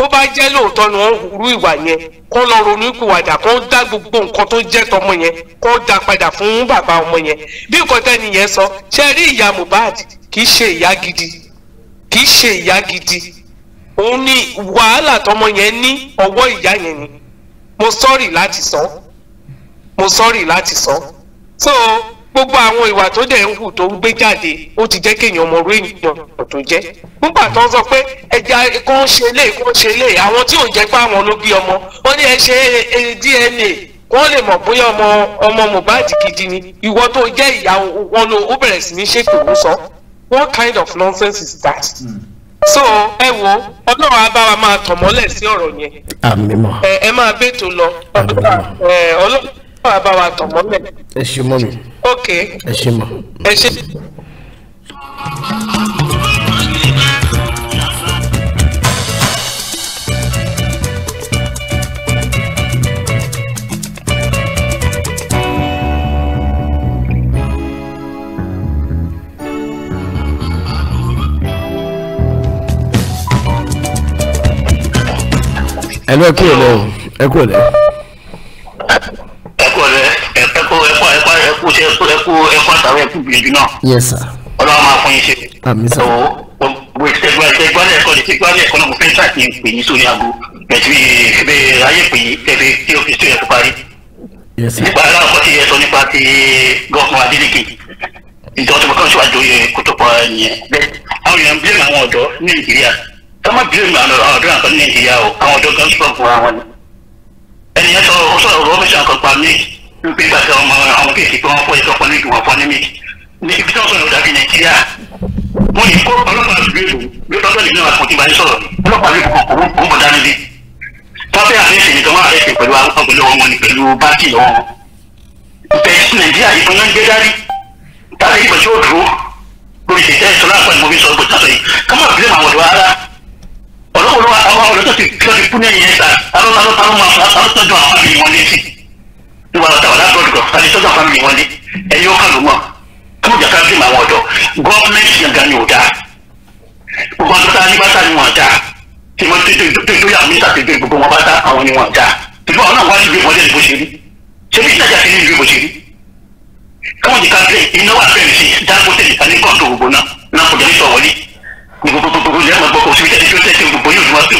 tó bá jẹ́ lóòótọ́ ni wọ́n rú ìwà yẹn kó lọ ronú ìpìwàdà kó dá gbogbo nǹkan tó jẹ́ tọmọ yẹn kó dá padà fún bàbá ọmọ yẹn bí nǹkan tẹ́ni yẹn sọ ṣe rí ìyá Mohbad kì í ṣe ìyá gidi kì í ṣe ìyá gidi òun ni wàhálà tọmọ yẹn ní ọwọ́ ìyá yẹn ni mo sọ́rì láti sọ mo sọ́rì láti sọ so gbogbo àwọn ìwà tó dẹ̀ ń hù tó ń gbé jáde ó ti jẹ́ kéèyàn ọmọ orí èèyàn tó jẹ́ nígbà tó ń sọ pé ẹja kó ń ṣe lè kó ń ṣe lè àwọn tí ò jẹ́ pé àwọn ló bí ọmọ wọ́n ní ẹ ṣe DNA wọ́n lè mọ̀ bóyá ọmọ ọmọ Mohbad gidi ni ìwọ tó jẹ́ ìyá wọn ló ó bẹ̀rẹ̀ sí ní ṣépè ó sọ what kind of nonsense is that. Hmm. so ẹ wo ọlọ́run á bá wa máa tàn mọ́lẹ̀ sí ọ̀rọ̀ yẹn. àmín mọ́. ẹ máa bẹ́ẹ̀ tó lọ ọlọ́run wàá bá wa tọ̀ mọ́lẹ̀. ẹ ṣe mọ́ mi. ok ẹ ṣe mọ́. ẹ ṣe. ẹ lọ kí ẹ lọ ẹ kú ọ lẹ. ẹkú ṣe ẹkú ẹkú àtàwọn ẹkú gbìyànjú náà. yes sir. ọlọ́run máa fún yín ṣe. àmì sọ. gbogbo ìṣègùn àti ẹgbẹ́ alẹ́ ẹ̀kọ́ ìṣègùn alẹ́ ẹ̀kọ́ náà mo fẹ́ ṣàkíyè pè yín sórí aago bẹ̀tí ìṣẹ̀bẹ̀ ayé pè yín tẹ̀lé kí o fi sí ẹ̀kọ́ parí. yes sir. nípa aláwọ̀ ti yẹ sọ nípa ti gọ́ọ̀kan Adeleke ìjọ tó kọ́ síwájú kótópọ̀ yẹn bẹ́ẹ̀ àwọn èèyàn bílẹ̀ àwọn ọ̀dọ́ ní Nàìjíríà ká má bílẹ̀ àwọn ọ̀dọ́ àkọ́ ní Nàìjíríà o àwọn ọ̀dọ́ gan sọ̀rọ̀ fún wa wọn. ẹnìyẹn sọ ọ sọ̀rọ̀ rọ́bìṣàn kan pa mí wípé nígbà tí ọmọ àwọn kéèké pé wọ́n fọ́ ẹ̀tọ́ pọ̀ níbi wọ́n fọ́ ní méjì ní ibi tí wọ́n sọ̀rọ̀ dàbí nàìjíríà wọ́n yìí kó ọlọ́pàá àdúgbò èlò lọ́dọ̀ lè ní àwọn àkùnjìbá yìí sọ̀rọ̀ ọlọ́pàá lè kọ̀ owó kò mọ̀ dání bí wọ́n fẹ́ àrẹ ìsìn nìkan wọ́n àrẹ ìsìn pẹ̀lú agbèlè wọn ni pẹ̀lú báńkì wọn bẹ́ẹ̀ sí nàìjíríà ìbọn náà ń gbé dárí tàbí ìbọn tí ó dúró lórí ìṣẹ̀ṣẹ̀ ìṣọ̀lá àpẹẹrẹ mọ́bí sọ̀rọ̀ bọ̀tà sọ̀yìn kámọ́ àbílẹ̀ àwọn ọ̀dọ́ ara ọ̀dọ́ wíwá ọ̀tá wà lábọ́ọ̀dù kan àti sọ́jà fámìlì wọn ni ẹ̀yin ọkàn ló mọ̀ kó jàkà bí mà wọn ọ̀dọ́ gọ́ọ̀mẹ̀ntì gangan ni ò dáa gbogbo àwọn tó ní ni wọn dáa tí wọn tó tó yà mí sàtẹ̀jọ́ gbogbo wọn bàtà àwọn ni wọn dáa ṣùgbọ́n àwọn náà wá síbi ìmọ̀lẹ́ ìbò ṣe rí ṣé ìtajà ṣe ní ìbò ṣe rí káwọn jìkà bẹ́ẹ̀ iná wà sí Dangote nìkan ní gbogbo náà náà kò jẹ́ sọ̀wọ́lé gbogbo gbogbo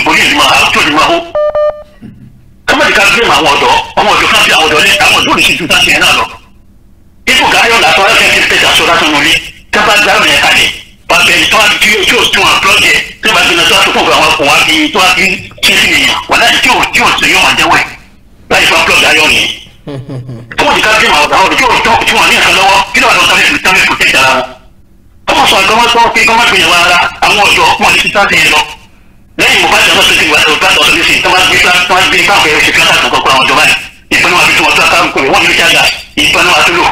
gbogbo gbogbo mọ̀jì ká bímọ àwọn ọ̀dọ́ ọmọ ọ̀dọ́ kan bí àwọn ọ̀dọ́ lé àwọn ọ̀dọ́ lè ṣe ju táṣe yẹn náà lọ. ipò gáyọ̀ làtọ́ ẹ̀fẹ́ ti pèsè aṣọ lásán wọn lé tábà gbárùn yẹn kalẹ̀ pàṣẹ tó a ti tí o tún àpọ́lọ́ jẹ tó bá gbin tó a tó fún àwọn ọkùnrin wa fi tó a fi tí sì nìyàn wà láti tí o tí o sì yóò máa jẹ́wọ́ ẹ̀ láì fún àpọ́lọ́ gáyọ̀ yẹn. kọ́mọ̀ ti ká bímọ àwọn ọ̀dọ́ tí o tọ́ tí wọ́n ní ẹ̀ka lọ́wọ́ kí lóò àtọ́ tábìlì tábìlì kò tẹ̀ dára wọn. kọ́mọ̀ sọ àgbọ̀mọ́sọ pé kọ́mọ̀ gbìyànjú ara àwọn ọ̀dọ́ wọn lè lẹ́yìn bùbá ìjọba ṣe ti wà lóòótọ́ àtọ̀tọ̀ ní sí tó bá gbé tó bá gbé táwọn ẹ̀rọ ṣe kíláàsì àkọ́kọ́ àwọn ìjọba ìpinnu àti tí wọ́n tó àkàrùn kò wọ́n ní ṣáàgà ìpinnu àti lò.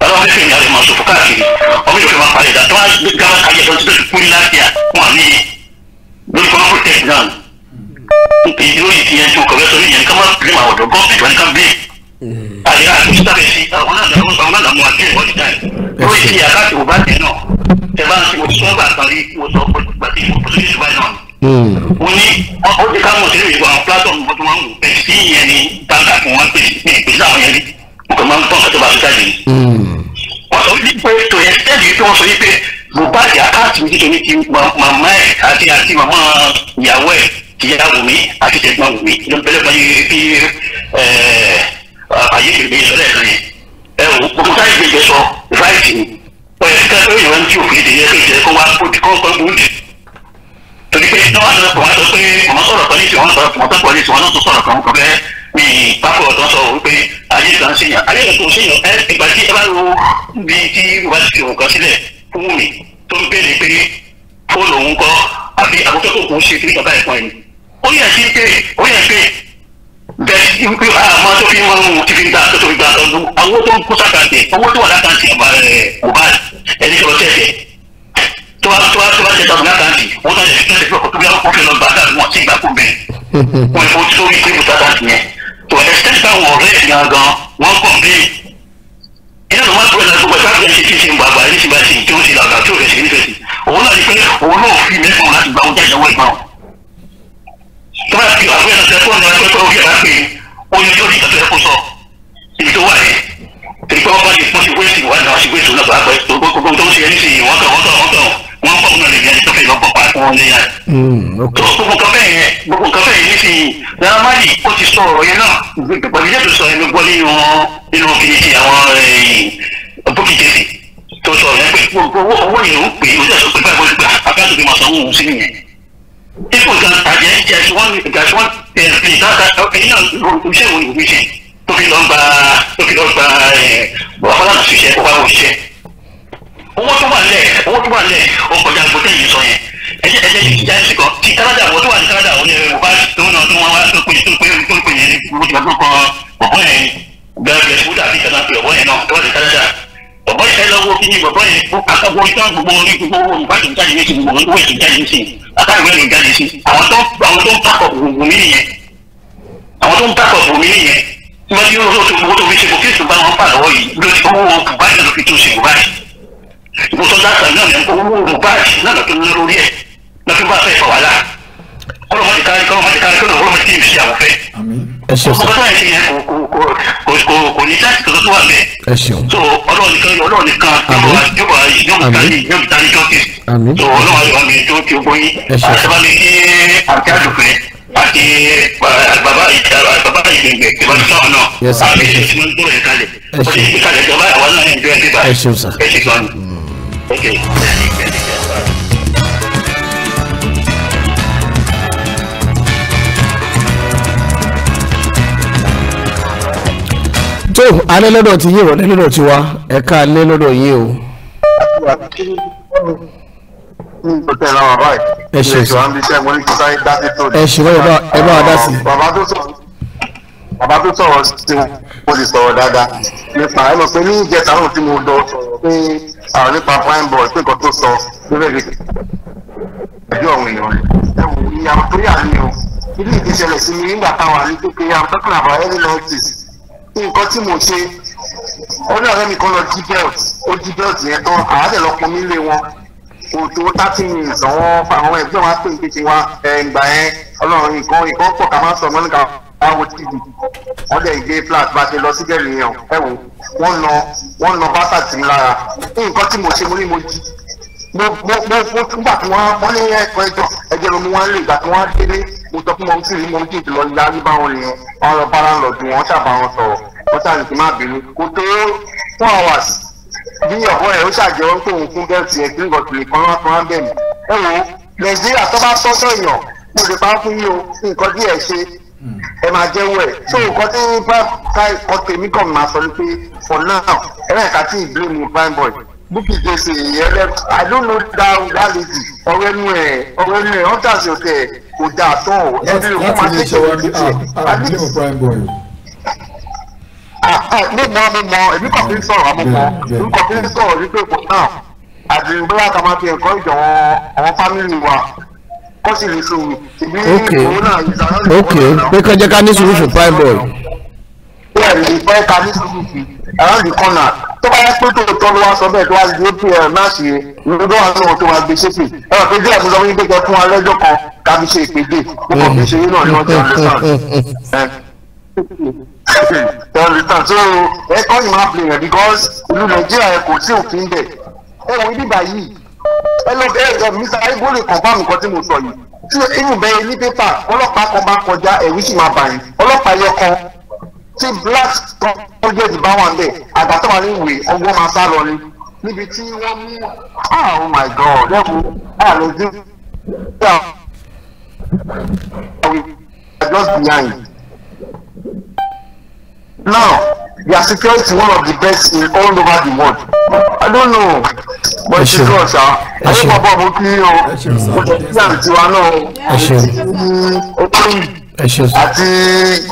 bàbá wọn fẹ́ẹ́ yàrá ìmọ̀ ṣòfò káàkiri ọmọ ìjọba máa parí ìdá tó bá gbára káyọ̀ tó ti kú láfíà wọn ní lórí kọ́ protest náà. ìdúró yìí ti yẹn tó kọ̀wé sórí yẹn ká má bí màá ọ̀dọ̀ gọ́ọ̀mì ìjọba nìkan bí. àyè tẹ bá ń sọ òtún ọgbà kan rí mo sọ pé pàtí ìfòsílẹ̀ ìgbà náà ni. Hmm. o ní ó ti ká mọ̀ sílẹ̀ ìgbà àwọn platform kan tó máa ń wò bẹ́ẹ̀ sí ìyẹn ni dáńgá kan wọ́n pè ní ìpínlẹ̀ àwọn yẹn rí mo kàn máa ń tọ́ ọ̀kẹ́ tó bá fi jáde. Hmm. wọ́n sọ wípé tó yẹ tẹ́lẹ̀ yìí tó wọ́n sọ wípé mohbad àkáàtì mi títọ́ ní ti màmá ẹ̀ àti àti màmá ìyàwó ẹ̀ ìyá wùmí àti tẹ̀gbọ́n wùmí ló ń bẹ̀rẹ̀ báyìí fi àyè ìgbésọ̀rẹ́ ọ̀yẹ̀ ká lóyún wọn tí òfin ìdíyẹ tó jẹ kó wá kó kó kó gbòógì torí pé ní wọn sọ pé wọn sọ pé wọn sọ̀rọ̀ kan níṣẹ́ wọn sọ wọn sọ pọlísì wọn tó sọ̀rọ̀ kan kọ bẹ́ẹ̀ ní pápá ọ̀tọ̀ sọ wípé ayé kan ṣèyàn ayé kan tó ṣèyàn ẹ ìgbà tí ẹ bá lo bí tí wọn ti òun kan sílẹ̀ fún mi tó ń béèrè pé fóònù òun kọ àbí àbúkẹ́kọ̀ọ́ kò ṣe kí ní bàbá ẹ̀kọ́ ẹ̀mí ó yẹ kí ó yẹ pé bẹ́ẹ̀ àmọ́ tó fi máa ń mú tìfín ta tó fi gba ọdún àwọn tó ń kó sàkàtì owó tó wà lákàtì Mohbad ẹni tó lọ tẹ̀sẹ̀ tó bá tó bá tó bá tẹ̀ tàbí lákàtì wọ́n tà lẹ́sìn tẹ̀sẹ̀ tó bí wọ́n fi lọ gbà dàbí wọ́n sì gbà kó bẹ̀ wọ́n ìfowó tó rí tébù sàkàtì yẹn tó ẹ̀sẹ̀ gbà wọ́n rẹ̀ gangan wọ́n kàn bí iná ló má gbé ẹ̀dá gbogbo ẹ̀dá ṣe ti ṣe ń gbàgbà ẹni ti bá ṣe ìjọ́ ṣe làgbà tí ò tó bá fi àgbẹ̀ ẹ̀sẹ̀ fóònù ẹgbẹ́ pé orí ẹ̀ bá pè é oyin yóò di ìtọ́jú ẹ̀kú sọ èyí tó wà yìí èyí pé wọ́n bá lè pọ́n sí wéèsì wà náà sí wéèsì náà pàápàá gbogbo tó ń ṣe ẹni sí i wọ́n kàn wọ́n kàn wọ́n kàn wọ́n pọ̀ náà lè yẹn tó fẹ́ lọ́pọ̀ pa wọn ní yẹn. Mm, tó gbogbo nǹkan bẹ́ẹ̀ yẹn gbogbo nǹkan bẹ́ẹ̀ yẹn nísìnyí ramadi ó ti sọ ọ̀rọ̀ yẹn náà gbàgbé tó sọ ẹni gbọ́ nínú nínú kìnìkì àwọn eh, bókìtì tó sọ ọ̀rọ̀ yẹn pé owó yẹn ń pè é ó dẹ̀ sọ pé báyìí wọ́n gbà akáàtúntì máa sanwó òun sí nìyẹn ipò kan àjẹ́ gàṣíwọ́n gàṣíwọ́n ẹ̀ẹ́dì náà ẹ̀yìn náà iṣẹ́ wo ìwé ṣe tó fi lọ gba tó fi lọ gba ẹ̀ bọ̀dàfọ́lá náà ṣiṣẹ́ ó wá wọ iṣẹ́ owó tó wà lẹ̀ owó tó wà lẹ̀ ó kọjá gbogbo ẹ̀yìn sọ yẹn ẹ̀jẹ̀ ẹ̀jẹ̀ yìí já sí kan ti Canada wọ́n tó wà ní Canada wọ́n ní ọba tó náà tó wọn wá tó pè tó pè tó pè yẹn ní gbogbo ọgbọ́n yẹn gbẹ̀rẹ̀ gbẹ̀rẹ̀ bọ̀bọ̀ yẹn lọ́wọ́ kí ni bọ̀bọ̀ yẹn fún akẹ́kọ̀ọ́ ìtàn gbogbo orí gbogbo olùbáṣe ń jáde sí gbogbo olùwẹ̀ ń jáde sí akáwé ń jáde sí àwọn tó àwọn tó ń pàkọ̀ gbogbo mi nìyẹn àwọn tó ń pàkọ̀ gbogbo mi nìyẹn tí wọ́n ní owó tó gbogbo tó fi ṣe kò fíìsì bá wọn pàlọ́wọ́ yìí lórí owó bùbáṣe ló fi tún ṣe bùbáṣe ìbùsọ̀ dáta náà ní owó bùbáṣe náà lọ́tún ní lórí ẹ̀ lọ́tún bá fẹ́ fọwọ́lá kọ́lọ́mọ́tì kárí kọ́lọ́mọ́tì kárí kọ́lọ́mọ́tì ẹ ṣeun sọ. ọkọ ẹ yẹn kò kò kò kò kò ní sáàsì kankan tó wà bẹ́ẹ̀. ẹ ṣeun. so ọlọ́run nìkan ọlọ́run nìkan yóò wá yóò wá yóò wá tani yóò wá tani jọ́kì. àmín. so ọlọ́run àyọ̀ mi tó ti gbóyin. ẹ ṣeun. àti bàbá mi kí àti àdùfẹ́ àti bàbá bàbá ìgbẹ̀gbẹ̀ bàbá sọ̀rọ̀ náà. yẹ sà ẹ ṣeun. ẹ ṣeun. ẹ ṣeun sà. ẹ ṣeun sà. so alẹ́ lọ́dọ̀ ti yé ìrọ̀lẹ́ lọ́dọ̀ ti wá ẹ̀ka alẹ́ lọ́dọ̀ yé o. ẹ ṣe sọ ẹ ṣe wọ́n ẹ bá wa dá sí. bàbá tó sọ̀rọ̀ sí mo lè sọ̀rọ̀ dáadáa nípa ẹ mọ̀ pé ní ìjẹta náà tí mo lọ pé àwọn nípa prime boy pé nǹkan tó sọ ló fẹ́ẹ́ fi ẹjọ́ àwọn èèyàn rẹ̀ ẹ wò ìyàwó tó yà ní o ilé ìdíṣẹlẹ̀ sí mi nígbà táwa ní kékeré I'm talking about early nineties nǹkan tí mo ṣe ó ní ọ̀rẹ́ mi kan lọ jí belt ó jí belt yẹn tán àádẹ́ lọ nílé wọn kò tó thirty minutes àwọn àwọn ẹgbẹ́ wa pè pé tiwa ẹ̀ǹgbà yẹn ọlọ́run nǹkan nǹkan pọ̀ ká máa sọ mọ́ nígbà báwo tv wọ́n dẹ̀ gbé flat bá ṣe lọ sí gẹ̀rì yẹn ẹ wò wọ́n na wọ́n na bàtà tì mí lára nǹkan tí mo ṣe mo ní mo jí mo mo mo nígbà tí wọ́n wọ́n ní ẹ̀kọ́ ẹjọ́ ẹ̀jẹ̀ ló mú wọn lè gbà tí wọ́n á délé mo sọ fún mọmú tìrì mọmú tìrì lọ yá níbà wọn nìyẹn wọn lọ bára lọ dùn wọn ṣàbà wọn sọ̀rọ̀ wọn ṣàlè kí má bínú kò tó four hours bí ọ̀bọ ẹ̀ ó ṣàjẹwọ́ pé òun fún bẹ́ẹ̀ tiẹ̀ kí nǹkan tìrì kan wá kan bẹ́ẹ̀ mi ẹ wo nàìjíríà tó bá tọ́tọ̀ èèyàn mo lè pa fún yín o nǹkan díẹ̀ ṣe ẹ máa jẹ́wọ́ ẹ̀ so nǹkan tí bá ọ tèmi kàn máa sọ ni pé for now ẹ̀rẹ́ka tí ì blame mo prime boy bukki gbèsè ẹ̀rẹ́ i don't know that reality ọ̀rẹ́nu ẹ̀ ọ̀rẹ́nu ẹ̀ hunters hotel kò dáa tán o ẹni ló máa ń tẹ̀sí ìwé títì ní mọ mi mọ èmi kàn fi ń sọ̀rọ̀ àmọ́kọ́ èmi kàn fi ń sọ̀rọ̀ ní kò náà àti bóyá ká máa fi ẹ̀kọ́ ìjọ àwọn fámìlì wa kó sì lè so ìbí ìwò náà ìsàlọ́ ìwò náà. ok pé kọjá ká ní sùúrù fún prime boy. bẹ́ẹ̀ ni pé ká ní sùúrù fún around the corner tó bá yẹ pé tó tọ́ ló wá sọ bẹ́ẹ̀ tó wá di apl náà ṣe ló wá lóhun tó wá gbé sépè ẹ wà pé díẹ̀ tó sọ fún yín pé kẹ fún wa lẹ́jọ́ kan ká fi ṣe ìpèdè ó kàn ṣe yín náà ni wọ́n ti understand. so ẹ kọ́ ni máa rẹ̀ because ìlú nàìjíríà ẹ kò sí òfin bẹ̀ ẹ wọ ibi báyìí ẹ lọ bẹ́ẹ̀ ẹ mr ibo lè confam nǹkan tí mo sọ yìí tí inú bẹ́ẹ̀ ní pépà ọlọ́pàá kan bá kọjá ẹ̀rù sì máa bàyìn ọlọ́pàá yẹ kan tí black target bá wà níbẹ̀ àgbàtà wà ní ìwé ọgbọ́n máa sá lọ ni níbi tí wọ́n mú ah, oh my god lẹ́kùn àlọ́ ojú just behind now their security is one of the best in all over the world i don't know but it's true sir I think bàbá mo kí o mo tẹ̀síwájú tiwa náà mm, o àti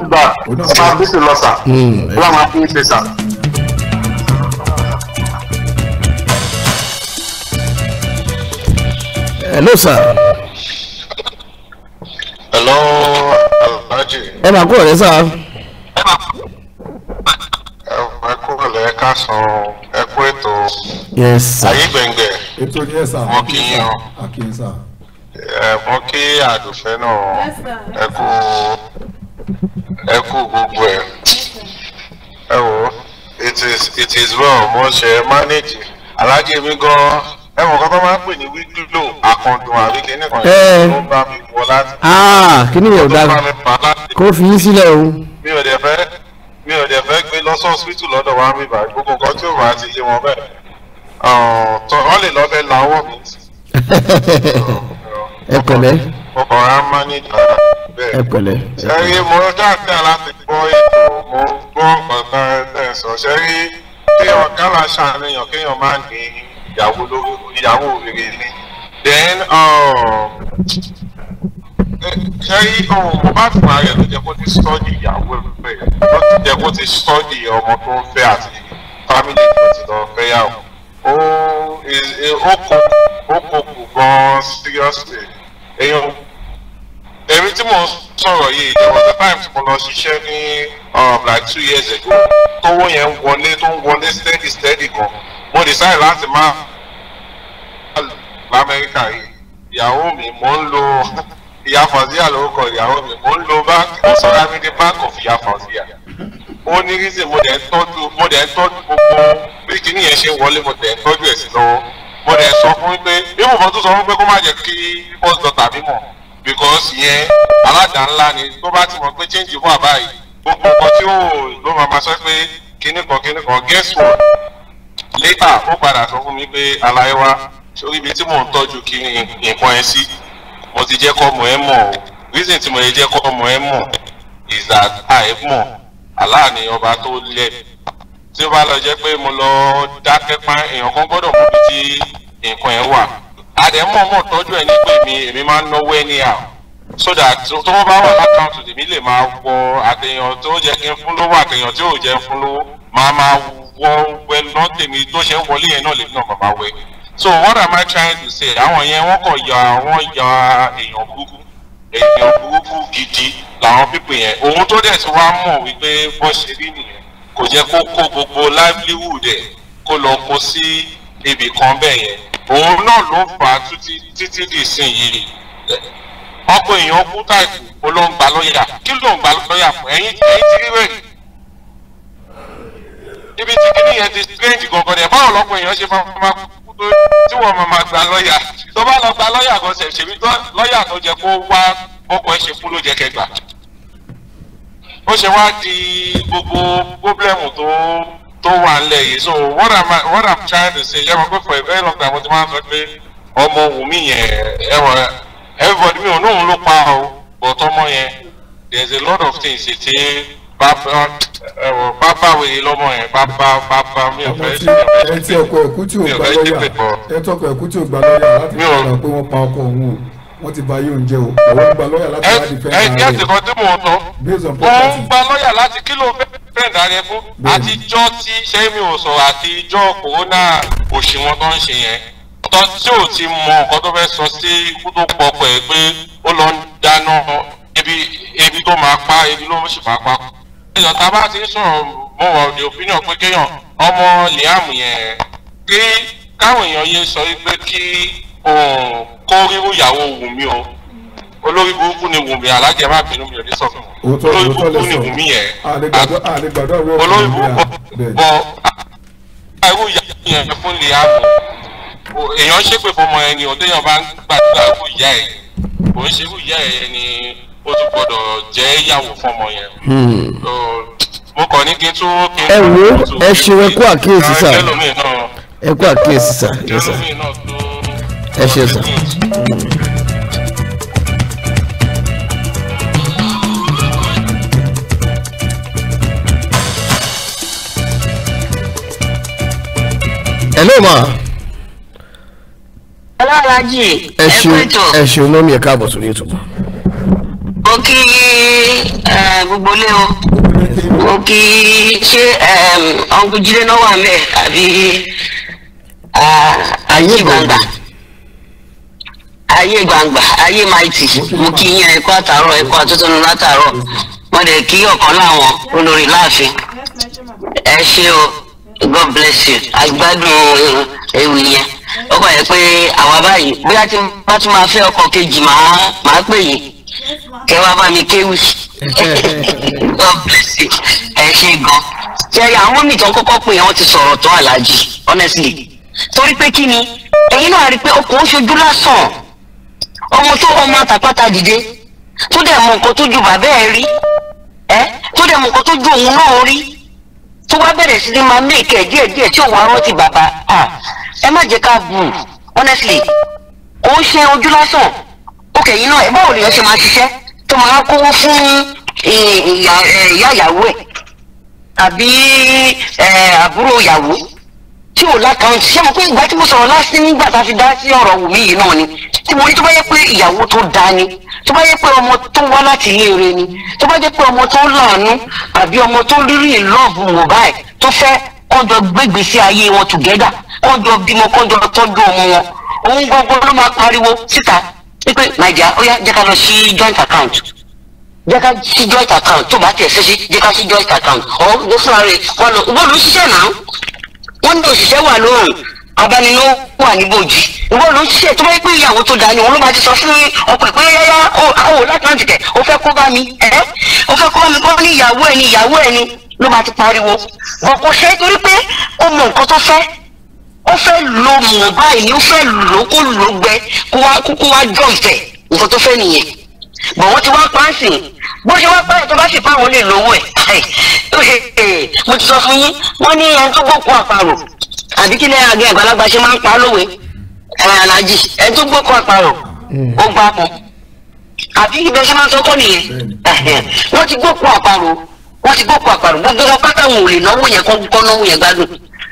ìgbà máa bísí lọ sà wọn máa fi ṣe sà. hello sir. hello alhaji. ẹ máa kúrò ní sáà. ẹ kúrò lẹ ká sọ ẹ kú ètò. yes sir. ayé gbẹ̀ngbẹ̀. ètò yẹn sà. wọn kì í yan. a kì í ẹ mọ kí àdùfẹ́ náà ẹ kú ẹ kú gbogbo ẹ ẹ wò it is it is well mo ṣe manage alájẹ mi gan ẹ mọ kọ́ tó máa ń pè ní wíńdò àkàndùn àbí kíní kan eh. ló bá mi wọ láti. kíní yẹn ò dára kó fi yín sílẹ̀ o. mi ò dẹ̀ fẹ́ mi ò dẹ̀ fẹ́ gbé lọ́sọ̀ọ́sìpìtì lọ́dọ̀ wa mi bàá gbogbo nǹkan tí ò bá ti yé wọn bẹ́ẹ̀ tọ́ ọ lè lọ bẹ́ẹ̀ làwọn mi. ẹ pẹ̀lẹ́. ọ̀rọ̀ á máa ní ìjà bẹ́ẹ̀. ẹ pẹ̀lẹ́. ṣẹ́rí mo dáadáa láti gbọ́ ètò mo gbọ́ kankan ẹ̀ sọ ṣẹ́rí kéèyàn kálá ṣàníyàn kéèyàn máa ní ìyàwó lórí ìyàwó rere ni. then um, ṣẹ́rí ohun bá fún ara rẹ̀ ló jẹ́ kó ti sọ́ọ̀dì ìyàwó rẹ̀ ló ti jẹ́ kó ti sọ́ọ̀dì ọmọ tó ń fẹ́ àti fámìlì tó ti lọ fẹ́ yàwó ó kò ó kò kù gan-an seriously èèyàn èmi tí mò ń sọ̀rọ̀ yìí there was a time tí mo lọ ṣiṣẹ́ ní um, like two years ago tówó yẹn ń wọlé tó ń wọlé steady steady gan mo decide láti máa lamẹ́ríkà yìí ìyàwó mi mò ń lo ìyá fàzíà lórúkọ ìyàwó mi mò ń lo báńkì mo sọ̀rọ̀ mi ní bank of ìyá fàzíà ó ní reason mo dẹ̀ ń tọ́jú mo dẹ̀ ń tọ́jú gbogbo bí kinní yẹn ṣe wọlé mo dẹ̀ ń tọ́jú ẹ̀ sí lọ́wọ́ mo dẹ̀ sọ fún wípé ibùn kan tó sọ fún pé kó má jẹ́ kí first daughter bímọ because yẹn alága ńlá ni tó bá ti mọ̀ pé change wà báyìí gbogbo nǹkan tí ó ló máa ma sọ pé kinní kan kinní kan guess what later ó padà sọ fún mi pé aláyé wá sórí ibi tí mò ń tọ́jú kí nǹkan ẹ sí mo ti jẹ́ kọ́ mọ̀ ẹ́ mọ̀ o reason tí mo lè jẹ́ kọ́ mọ̀ ẹ́ mọ̀ is that àìmọ̀ aláàní ọba tó lẹ́bi tí ó bá lọ jẹ́ pé mo lọ dákẹ́ pa èèyàn kan gbọ́dọ̀ mú bí tí nǹkan ẹ̀ wà àdèmọ̀mọ̀ tọ́jú ẹ̀ ní pé mi èmi máa ń náwó ẹni à so that tó bá wà lákàntù tèmi lè máa wọ àtẹ̀yàn tó jẹ́ kí n fún lówó àtẹ̀yàn tí ò jẹ́ fún lówó máa máa wọ wẹ tèmi tó ṣe ń wọlé yẹn náà lèmi náà máa wẹ so what am I trying to say àwọn yẹn wọ́n kàn ya wọ́n ya èèyàn burúkú èèyàn burúkú gidi làwọn pípé yẹn òun tó dẹ̀ ti wá mọ̀ wípé bó ṣe rí nìyẹn kò jẹ́ kó kó gbogbo livelihood ẹ̀ kó lọ kó sí ibì kan bẹ́ẹ̀ yẹn òun náà ló fà á títí di ìsìn yìí ọkọ èèyàn kú táìpù ó ló ń gba lọ́yà kí ló ń gba lọ́yà fún ẹ̀yin ẹ̀yin ti rí rẹ̀ ibi tí kíní yẹn ti strange gangan dẹ̀ báwo lọ́kọ èèyàn ṣe máa kú tó tí wọ́n máa gba lọ́yà tó bá lọ gba lọ́yà gan ṣèbí lọ́yà tó jẹ́ kó wá bọ́kọ ẹ̀ ṣe kú ló jẹ́ ó ṣe wá di gbogbo pọ́blẹ́mù tó tó wà nílẹ̀ yìí so what am I what am trying to say yẹ́n mo pé for a very long time mo ti máa ń sọ pé ọmọ òun mi yẹn ẹ̀wọ̀n everybody mi ò lóun ló pa o but ọmọ yẹn there is a lot of things ṣe ti bàbá ẹ̀wọ̀n bàbá wèrè lọ́mọ yẹn bàbá bàbá mi ò fẹ́ ṣe mi ò fẹ́ ṣe pé bọ̀ ẹ tọkọ ẹ̀kú tí ò gbà lọ́yà láti fi hàn pé wọ́n pa ọkọ òun o wọ́n ti ba yóò ń jẹ́ o òun gba lọ́ọ̀yà láti wá di fẹ́ẹ́ rẹ̀. ẹ̀sìn kan tí mò ń tọ́ òun gba lọ́ọ̀yà láti kí ló fẹ́ẹ́ dáre fún àtijọ́ tí sẹ́mi ò sọ àti ìjọ kòrónà òṣìwọ̀n tó ń ṣe yẹn tó tí ò ti mọ nǹkan tó fẹ́ sọ sí ikú tó pọ̀ pẹ̀ pé ó lọ dáná ebi tó máa pa ebi ló sì máa pa. ẹ̀yọ̀ tá a bá ti sọ̀rọ̀ mọ́ wọn ní opinion pé kéèyàn ọmọ Liam yẹn kí káwọn èèyàn yé sọ wípé kí kó ríru ìyàwó Wùmí o olórí burúkú ni Wùmí alájẹ má bínú mi ò ní sọ fún un olórí burúkú ni Wùmí yẹn olórí burúkú bọ irú ìyàwó yẹn fún lè ààbò èèyàn ṣépè fọmọ ẹni ọdẹyàn bá ń gbàdúrà irú ìyá ẹ kò ń ṣe irú ìyá ẹ ni ó tún gbọ́dọ̀ jẹ́ ìyàwó fọmọ yẹn hmm. mo kàn ní kí n tún. ẹ wo ẹ ṣe ẹ kú àkíyèsí sá ẹ kú àkíyèsí sá. ẹlòmíì náà ẹ ṣe sọ. hello ma. ọlọ́ọ̀lájì ẹ kú ètò. ẹ ṣeun mọ́mí ẹ káàbọ̀ sórí ètò. mo kí gbogbo lé o mo kí ṣé ọ̀gùn jíde náà wà mẹ́ẹ̀ àbí ayé gbangba ayé maiti mo kí yín ẹkọ àtàárọ̀ ẹkọ àtúntúnú látàárọ̀ mo dẹ̀ kí ọ̀kan láwọn olórí láàfin ẹ ṣé o god bless you agbádùn ewu yẹn ọkọ yẹn pé àwa báyìí a tí bá tún máa fẹ́ ọkọ kejì máa máa pè yín kẹ wá bá mi kéwì god bless you ẹ ṣé gan ṣe àwọn mìtàn kọ́kọ́ pé wọ́n ti sọ̀rọ̀ tó aláàjì honestly torí pé kí ni ẹ̀yin náà rí i pé ọkọ̀ ń ṣojú lásán ọmọ tó ọmọ àtàpátá dìde tó dẹ̀ mọ nǹkan tó ju bàbá ẹ̀ rí ẹ́ tó dẹ̀ mọ nǹkan tó ju òun náà rí tó wá bẹ̀rẹ̀ sí ni máa mẹ́ẹ̀kẹ́ díẹ̀díẹ̀ tí òun arántí bàbá ẹ má jẹ́ ká bù honestly kò ń ṣe ojú lásán òkè yìí náà báwo lèèyàn ṣe máa ṣiṣẹ́ tó máa kówó fún ìyá ìyàwó ẹ̀ àbí àbúrò ìyàwó tí ò lákàntì ṣé mo pé ìgbà tí mo sọ̀rọ̀ lásìkò nígbà tá a fi dá sí ọ̀rọ̀ wùmí yìí náà ni tí mo ní tó bá yẹ pé ìyàwó tó dáa ni tó bá yẹ pé ọmọ tó wá láti ilé rẹ ni tó bá jẹ́ pé ọmọ tó láàánú àbí ọmọ tó rírì lọ́ọ̀bù Mohbad tó fẹ́ kọ́jọ gbégbé sí ayé wọn tùgẹ́dà kọ́jọ bímọ kọ́jọ tọ́jú ọmọ wọn òun gbọ́ngbọ́n ló máa pariwo síta pé nàìjíríà ó yá jẹ́ ká lọ sí joint account jẹ́ ká sí joint account tó bá tiẹ̀ ṣe sí jẹ́ ká sí joint account ọ̀ gbé fúnra rẹ̀ wọ́n lọ ìwọ́n ló ṣiṣẹ́ náà wọ́n ní òṣìṣẹ́ wà lóhùn abaninú wà níbòjì ìwọ ló ń ṣiṣẹ́ tó bá pé ìyàwó tó dání òun ló máa ti sọ fún ọkọ ẹ̀ pé yáyá o látàntì kẹ̀ o fẹ́ kó bá mi ẹ̀ o fẹ́ kó bá mi kó ní ìyàwó ẹ̀ ní ìyàwó ẹ̀ ní ló máa ti pariwo ọkọ ṣe é torí pé ó mọ nǹkan tó fẹ́ ó fẹ́ lo mọ̀ báyìí ni ó fẹ́ lò ó kó lò ó gbẹ kó wá jọ ìfẹ́ nǹkan tó fẹ́ nìyẹn bọ̀ ti wá páàsì bó ṣe wá páàsì tó bá sì fáwọn lè lówó ẹ̀ mo ti sọ fún yín wọ́n ní ẹni tó gbókun àparò àbí kí lẹ́yìn àgbẹ̀ àgbàlagbà ṣe máa ń pa lówe aláàjì ẹni tó gbókun àparò ó hmm. gbá pọ̀ àbí ibẹ̀ ṣe máa ń sọkọ́ nìyẹn wọ́n ti gbókun àparò wọ́n ti gbókun àparò gbogbo wọn pátá wọn ò lè náwó yẹn kọ́ náwó yẹn gbádùn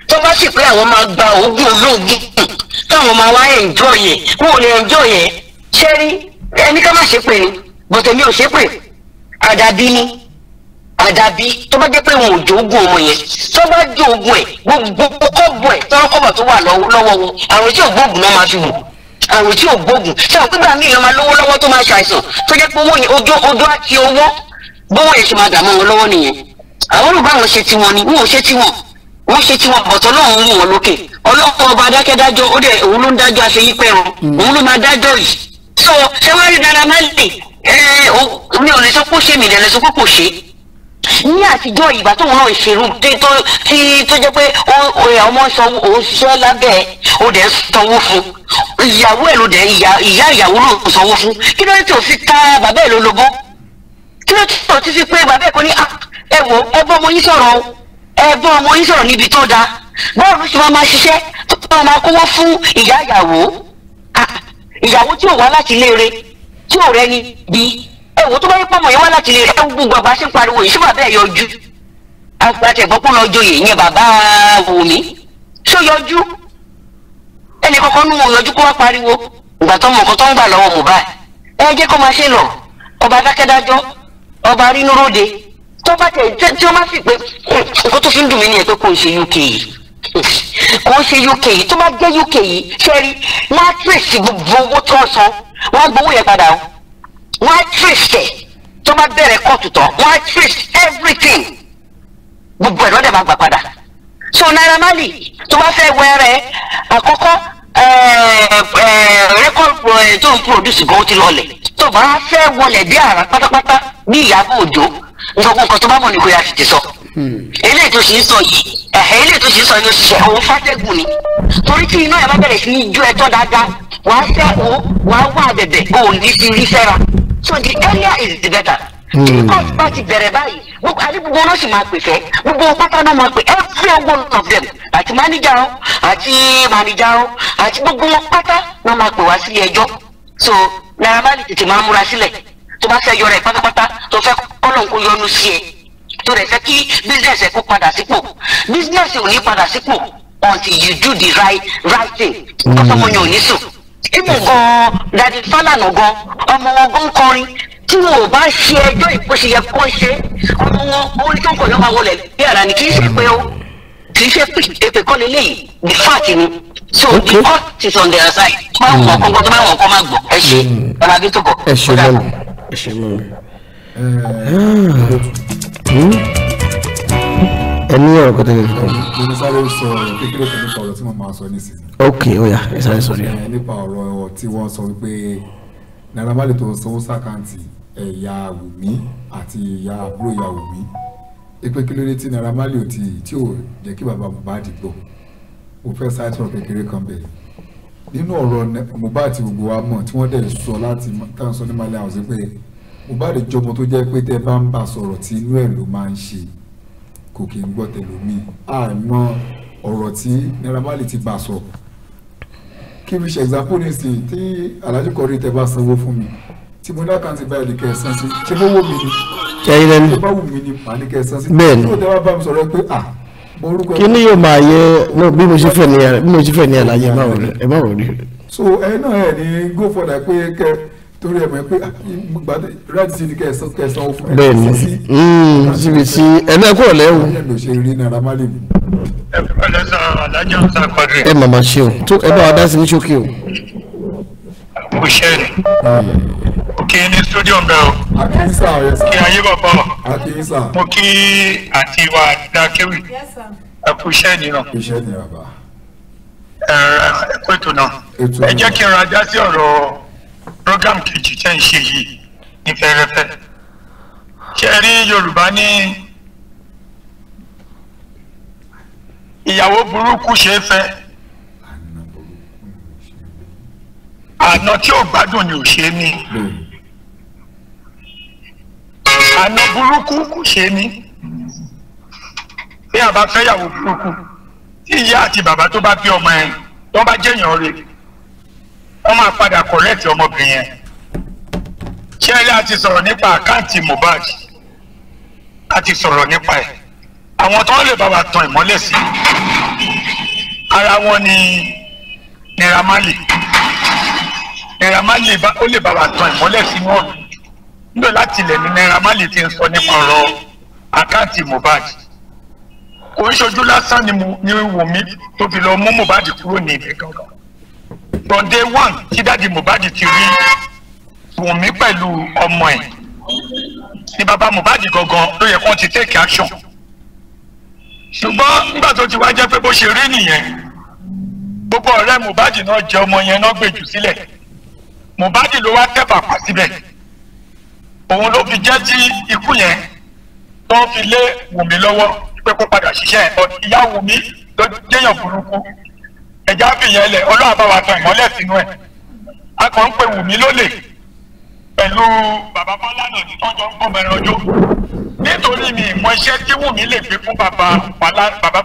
tó bá sì pé àwọn máa gba òógùn olóògùn táwọn máa wá ẹ̀ńjọ́ yẹn wọn ò lè ẹ̀ńjọ́ yẹn ṣẹ́rí ẹni ká má ṣe pé ni bọ̀tẹ̀ mi ò ṣe pé àdàbí ni àdàbí tó bá jẹ́ pé wọn ò jogún ọmọ yẹn tó bá jogún ẹ̀ gbogbo kọ́bọ̀ ẹ̀ tọ́rọ́ kọ́bọ̀ tó wà lọ́wọ́ wọn àrùn tí ò gbóògùn náà máa fi wò àrùn tí ò gbóògùn ṣé àwọn pípa mi ìyọ̀mà lówó lọ́wọ́ tó máa ṣàìsàn tó jẹ́ pé owó yẹn ojú ojú àti owó bówó yẹn ṣe máa dààmú wọn lọ́wọ́ nìyẹn àwọn olùgbà wọn ṣe tiwọn ni wọn ò ṣe tiwọn wọn ṣe tiwọn bọ̀tọ̀ náà ń mú wọn lókè ọlọ́pàá ọba adákẹ́dájọ́ ó dẹ̀ òun ló ń dájọ́ àṣeyípẹ́ wọn mm. òun ló máa dájọ́ yìí so ṣé wàá rí Naira Marley mi ò lè sọ pé ó ṣe mi ìdẹ̀lẹ̀ sọ pé kò ṣe ní àtijọ́ ìgbà tóun náà ṣerú tí tó jẹ́ pé ọmọ sanwó òun ṣiṣẹ́ lábẹ́ ó dẹ̀ sanwó fún ìyàwó ẹ̀ ló dẹ̀ ìyá ìyàwó ló sanwó fún kí ló ń tó fi ká bàbá ẹ̀ lólobó kí ló tó ti fi pé bàbá ẹ̀ kò ní ah, ẹ wò ẹ bọ́ ọmọ yín sọ̀rọ̀ ẹ bọ́ ọmọ yín sọ̀rọ̀ níbi tó dáa báwo ló ṣe máa máa ṣiṣẹ́ tó máa kówó fún ìyá ìyàwó ìyàwó tí ò wá láti léere tí ò rẹni bí ẹwò tó bá yẹ pọmọ yẹn wá láti léere ẹwù gbogbo àgbà ṣe ń pariwo yìí ṣùgbọ́n bẹ́ẹ̀ yọjú àtẹ̀gbọ́n kó lọ́ọ́ joyè ìyẹn bàbá Wùmí ṣó yọjú ẹnì kankan nù wọn yọjú kó wá pariwo ìgbà tó mọ nǹkan tó ń gbà lọ́wọ́ Mohbad ẹ jẹ́ kó máa ṣe lọ ọba dákẹ́dájọ́ ọba rínúróde tó bá tẹ̀ tí ó má sì pé nǹkan tó fi ń dùn mí nìyẹn pé kò ń ṣe UK yìí kò ń ṣe uk yìí tó bá jẹ́ uk yìí ṣẹ́rí wọ́n á tírèsì gbogbo owó tó ń san wọ́n á gbowó yẹn padà o wọ́n á tírèsì ẹ̀ tó bá bẹ̀rẹ̀ kóòtù tán wọ́n á tírèsì everything gbogbo ẹ̀ lọ́dẹ̀ máa gbà padà so Naira Marley tó bá fẹ́ wẹ́rẹ́ àkọ́kọ́ eh, eh, rẹ́kọ̀dù eh, tó ń produce gan ti lọlẹ̀ tó bá fẹ́ wọlé bí àrà pátápátá bí Ìyábọ̀ Òjó gbogbo nǹkan tó bá mọ̀ ní kó yà tètè sọ. eléyìí tó ṣe ń sọ yìí ẹ̀hẹ́ eléyìí tó ṣe ń sọ ní oṣiṣẹ́ òun fàtẹ́gùn ni torí tí iná yẹn bá bẹ̀rẹ̀ sí ní ju ẹtọ́ dáadáa wàá fẹ́ o wàá wá bẹ̀bẹ̀ o ní fi rí fẹ́ra so the earlier is the better. Hmm. because bá ti bẹ̀rẹ̀ báyìí gbogbo àti gbogbo wọn sì máa pè fẹ́ gbogbo pátá náà máa pè every one of them àti manager o àti manager o àti gbogbo wọn pátá náà máa pè wá sí ẹjọ́ so Naira Marley tètè máa múra sílẹ̀ tó bá fẹ́ yọrẹ pátápátá tó fẹ́ kọ́lọ́n kó yọnu sí ẹ tó rẹ̀ fẹ́ kí business ẹ kó padà sípò business ò ní padà sípò until you do the right right thing kọ́sọ́mọ hmm. yẹn ò ní sùn ibù gan dadi Falana gan ọmọ wọn gan kọrin tí wọn ò bá ṣe ẹjọ́ ìpòṣeyẹ kó ṣe ọmọ wọn orí tó ń kọ̀ lọ́wọ́ wọlé bí ara ni kì í ṣe pé ó kì í ṣe èpè kọ́ lélẹ́yìí the fact ni so the court is on their side. máa ń wọ̀ kọ́ńkọ́ máa gbọ̀ ẹ ṣe hmm. ọ̀làdé tó ẹ ṣe lọ́nà ẹ ṣe É. mi. ẹ ní ọ̀rọ̀ kọ́tẹ́ yẹn kan. mo ní sáré sọ ọ̀rọ̀ kékeré kan nípa tí mo máa sọ nísìnyí. ok ó yá ẹ sáré sọ rí. nípa ọ̀rọ̀ tí wọ́n sọ pé Naira Marley tó sanwó sákàǹtì ẹ̀yà Wùmí àti ìyá àbúrò ìyá Wùmí pé kí ló dé tí Naira Marley ò tí ò jẹ́ kí bàbá Mohbad gbọ́ mo fẹ́ sáré sọ̀rọ̀ kékeré kan bẹ́ẹ̀ nínú ọ̀rọ̀ Mohbad tí gbogbo wa mọ̀ tí wọ́n dẹ̀ sọ láti tán sọ ní malẹ̀ house pé Mohbad jọmọ tó jẹ́ pé tẹ́ bá ń bà sọ̀rọ̀ tí inú ẹ̀ ló máa ń ṣe kò kí ń gbọ́ tẹlómi àmọ́ ọ̀rọ̀ tí Naira Marley ti bà sọ kí mi ṣe example nísìnyí tí Alhaji Quadri tẹ́ bá sanwó fún mi tí mo dá kan ti bá ẹnì kẹsàn sí ṣé bó wù mí ni ṣé bá wù mí ni màá ní kẹsàn sí bẹ́ẹ̀ ni tí mo dá wá bá mi sọ̀rọ̀ pé ah kí ni yóò máa yẹ no bí mo ṣe fẹ́ ní ẹ bí mo ṣe fẹ́ ní ẹ láyé ẹ má wò ẹ má wò so ẹ náà ẹ ní go for that pé kẹ torí ẹ mọ̀ pé ah, gbàdé right sí ni kẹsàn kẹsàn òfin ẹ bẹ́ẹ̀ ni hmm, síbi tí ẹ náà kúrò lẹ́wọ̀. ẹ lọ ṣe rí Naira Marley. ẹ pẹ̀lẹ́ sọ alájà ń sá padì. ẹ màmá ṣe o tó ẹ bá wa dá sí ní ṣókè o. mo ṣe é kí ní studio ń bẹ o. àkíyèsà yes sir. kí ayé bàbá o. àkíyèsà. mo kí àti ìwà àdákéwì. yes sir. ẹ kú iṣẹ́ ni náà. iṣẹ́ ni bàbá. ẹ ẹ kú ètò náà. ètò náà. ẹ jẹ́ kí n rajá sí ọ̀rọ̀ program kejì tẹ́ ń ṣe yìí ní fẹ́rẹ́fẹ́. ṣé ẹ rí Yorùbá ní ìyàwó burúkú ṣe é fẹ́ àná tí ò gbádùn ni ò ṣe é ní àna burúkú kò ṣe ní bí a bá fẹ́yàwó burúkú tí ìyá àti bàbá tó bá bí ọmọ ẹ̀ tó bá jẹ́yàn rẹ̀ wọ́n máa padà kọ̀rẹ́ẹ̀tì ọmọbìnrin yẹn ṣẹ́ẹ́lí a ti sọ̀rọ̀ nípa àkáǹtì Mohbad a ti sọ̀rọ̀ nípa ẹ̀ àwọn tó ń lè bá wa tan ìmọ́lẹ̀ sí ara wọn ni Naira Marley Naira Marley ó lè bá wa tan ìmọ́lẹ̀ sí wọn níbẹ̀ láti ilẹ̀ ní Naira Marley ti ń sọ nípa ọ̀rọ̀ àkáǹtì Mohbad kò ń ṣojú lásán ni Wùmí tó fi lọ mú Mohbad kúrò ní ibẹ̀ kankan from day one tí dáàdi Mohbad ti rí Wùmí pẹ̀lú ọmọ ẹ̀ ni bàbá Mohbad gangan ló yẹ kó ti take action ṣùgbọ́n nígbà tó ti wá jẹ́ pé bó ṣe rí nìyẹn gbogbo ọ̀rẹ́ Mohbad náà jẹ́ ọmọ yẹn náà gbèjù sílẹ̀ Mohbad ló wá tẹ́ bàbá síbẹ̀ òun ló fi jẹ́ tí ikú yẹn tó fi lé Wùmí lọ́wọ́ pé kó padà ṣiṣẹ́ ìyá Wùmí ló jẹ́yàn burúkú ẹ̀já fìyẹn lẹ̀ ọlọ́run bá wa tan ìmọ́lẹ̀ sínú ẹ̀ a kàn ń pe Wùmí lólè pẹ̀lú bàbá Bọ́lá náà tí wọ́n jọ ń gbọ́mọ ẹran jó nítorí mi ìmọ̀ iṣẹ́ tí Wùmí lè gbé fún bàbá Bọ́lá náà bàbá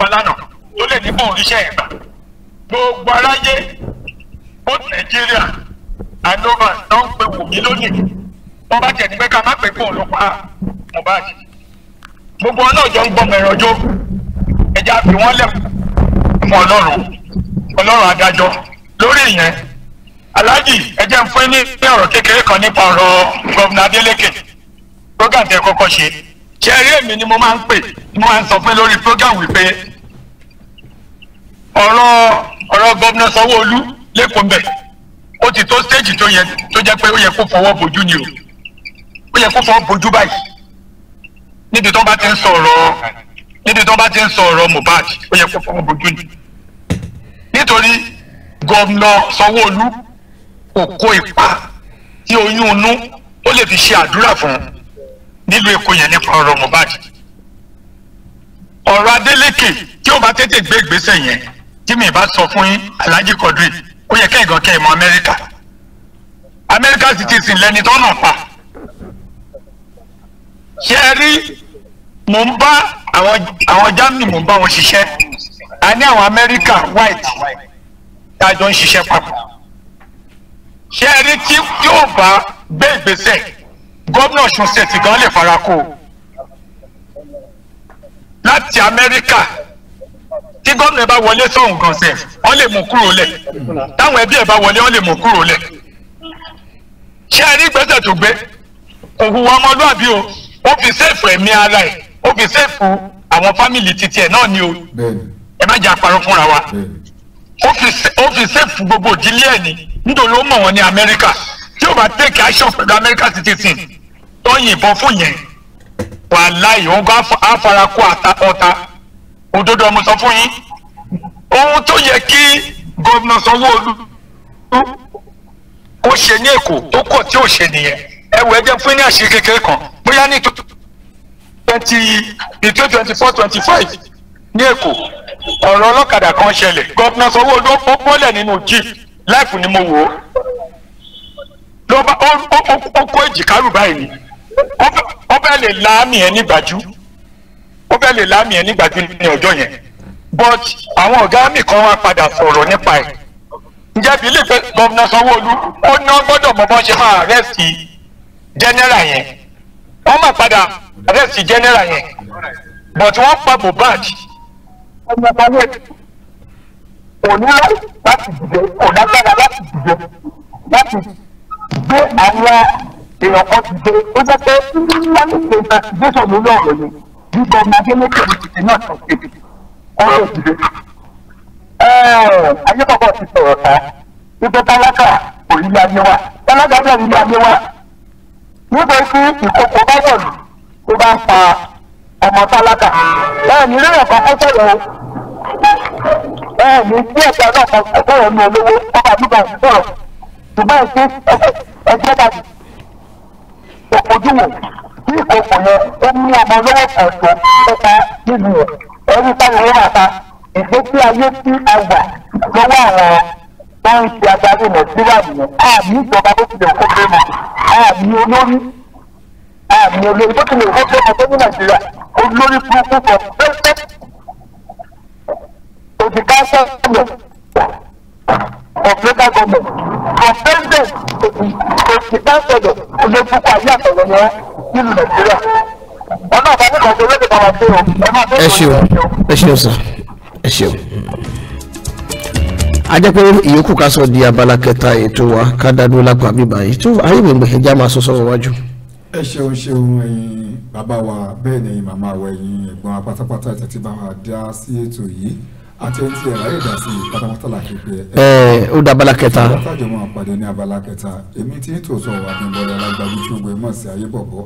Bọ́lá náà tó lè ní bọ́ọ̀lù iṣẹ́ ẹ̀ gbà gbogbo aráyé ó Nàìjíríà Anova náà ń pe Wùmí lónìí tó bá tiẹ̀ ti ká má pè pé òun ló pa Mohbad gbogbo ọ náà jọ ń gbọmọ ẹ̀rọ jó ẹja fi wọ́n lẹ̀ fún ọlọ́run ọlọ́run adájọ́ lórí ìyẹn aláàjì ẹjẹ́ ń fún ní ọ̀rọ̀ kékeré kan nípa ọ̀rọ̀ gọ́vùnà Adélékè program tẹ kọ́kọ́ ṣe ṣe eré èmi ni mo máa ń pè ni mo máa ń sọ pé lórí program wípé ọ̀rọ̀ ọ̀rọ̀ gọ́vùnà Sanwó-Olú lẹ́kọ̀ọ́ bẹ̀ ó ti tó stage tó yẹ tó jẹ́ pé ó yẹ kó fọwọ́ bojú ni o ó yẹ kó fọ́ bójú báyìí níbi tó bá ti ń sọ̀rọ̀ níbi tó bá ti ń sọ̀rọ̀ Mohbad ó yẹ kó fọ́ bójú ni nítorí gọ́ọ̀nà Sanwó-Olú kò kó ipa tí oyún inú ó lè fi ṣe àdúrà fún nílùú Èkó yẹn nípa ọ̀rọ̀ Mohbad ọ̀rọ̀ Adélékè tí ó bá tètè gbé ìgbésẹ̀ yẹn tí mi bá sọ fún yín Alhaji Quadri ó yẹ kẹ́ẹ̀gàn kẹ́ẹ̀ mọ Amẹ́ríkà Amẹ́ríkà sì ti sìn lẹ́ni tọ́nà pa ṣé ẹ rí mò ń bá àwọn Germany mò ń bá wọn ṣiṣẹ́ a ní àwọn Amẹ́ríkà white tá a jọ ń ṣiṣẹ́ papọ̀ ṣé ẹ rí tí yóò bá gbé ìgbésẹ̀ gómìnà Ọ̀ṣun ṣètì gan lè fara kó o láti Amẹ́ríkà tí gómìnà bá wọlé sóhun gan sẹ wọn lè mú kúrò lẹ táwọn ẹbí ẹ bá wọlé wọn lè mú kúrò lẹ ṣé ẹ tó gbé kò hùwà ọmọlúàbí o ó fi sẹ́ẹ̀fù ẹ̀mí ara ẹ̀ ó fi sẹ́ẹ̀fù àwọn fámìlì titi ẹ̀ náà ni o ẹ má jẹ́ àparọ́ fúnra wa ó fi sẹ́ẹ̀fù gbogbo ìdílé ẹ̀ ni nítorí ó mọ̀ wọ́n ní Amẹ́ríkà tí ó bá tẹ̀kì aṣọ pẹ̀lú Amẹ́ríkà títí sìn tó yìnbọn fún yẹn wàláì òun kò àfarakó ọ̀tá òdodo ọmọ sọ fún yín ohun tó yẹ kí gómìnà Sanwó-Olú ó ṣe ní Èkó tó kọ̀ tí ó ṣe nìyẹn ẹ wọ ẹjẹ fún ní àṣírí kékeré kan bóyá nítorí twenty between twenty four twenty five ní èkó ọ̀rọ̀ ọlọ́kadà kan ṣẹlẹ̀ gọ́fúnà sanwó-olú ó pọ́lẹ̀ nínú jeep láìpù ni mo wò ó ló bá ó kó èjìkárù báyìí ni ó fẹ́ lè láàmì ẹ̀ nígbàjú ó fẹ́ lè láàmì ẹ̀ nígbàjú ní ọjọ́ yẹn but àwọn ọ̀gá mi kan wá padà sọ̀rọ̀ nípa ẹ̀ ǹjẹ́ bílí pé gọ́fúnà sanwó-olú ó ná gbọ́dọ̀ mọ bọ́n ṣe máa rẹ́sì jẹ́nẹ́rà yẹn wọ́n máa padà arrest general yẹn but wọ́n pa Mohbad ọmọ balẹ̀ kò ní láti dìde kò lágbára láti dìde láti gbé àwọn èèyàn kan dìde ó jẹ́ pé wọ́n ti ṣe investigation lórí ọ̀rọ̀ yìí bí gómìnà adélèké ìdìbò náà sọ pé ọ̀rọ̀ dìde. ayébọ̀bọ̀ ti sọ̀rọ̀ ká ibẹ̀ tálákà kò rí ilé ayé wa tálákà bẹ́ẹ̀ rí ilé ayé wa níbo tí ìkókó bá wọ̀ lù tó bá ń pa ọmọ tálákà bẹ́ẹ̀ ni lóyún kan kọ́ sọ̀rọ̀ o bẹ́ẹ̀ ni bí ẹ̀ka náà kan kọ́ sọ̀rọ̀ ní olówó ọba bíbá ń sọ̀rọ̀ ṣùgbọ́n ẹ̀ṣẹ́ ẹgbẹ́ bá ti òkojú wò tí ìkòkò yẹn ó ní ọmọ lọ́wọ́ kan tó kẹta nínú rẹ̀ ẹni táwọn ọmọ àta ìgbésí ayé tí a wà lọ́wọ́ àwọn tó ń ṣe adarí nàìjíríà nìyẹn àmì ìjọba tó ti lè kó pé mọ́ àmì olórí àmì olórí bó tilẹ̀ wọ́n fẹ́ ọ̀tọ́ ní nàìjíríà olórí burúkú kan pẹ́pẹ́ òdì káńsà ọ̀nà of local government for president òdì káńsà ọ̀nà olórí burúkú ayé àtọ̀rọ̀ ni wọ́n nílùú nàìjíríà ọ̀nà àbájá kan tó lóde bàbá tó o ẹ máa tó o. ẹ ṣeun ẹ ṣeun sir ẹ ṣeun ajẹ́pẹ́ ìyókù ká sọ di abala kẹta ètò wa ká dá dúró lápá bíbá yìí tó ayé mi gbẹ̀hẹ́jà máa sọ sọ́wọ́ wájú ẹ ṣeun ṣeun ẹ̀yin bàbá wa bẹ́ẹ̀ ni ẹ̀yin màmá wa ẹ̀yin ẹ̀gbọ́n wa pátápátá ẹ̀ tẹ́tí bá wa dá sí ètò yìí àti ohun tí ẹ̀ ráyè dá sí pátápátá là kéde. ẹ ẹ ó da abala kẹta. pátájọ máa pàdé ní abala kẹta èmi tí tòótọ́ wà ní bọ́ọ̀lù alágbàbí tí ogun ẹ̀ mọ̀ sí ayé bọ̀bọ̀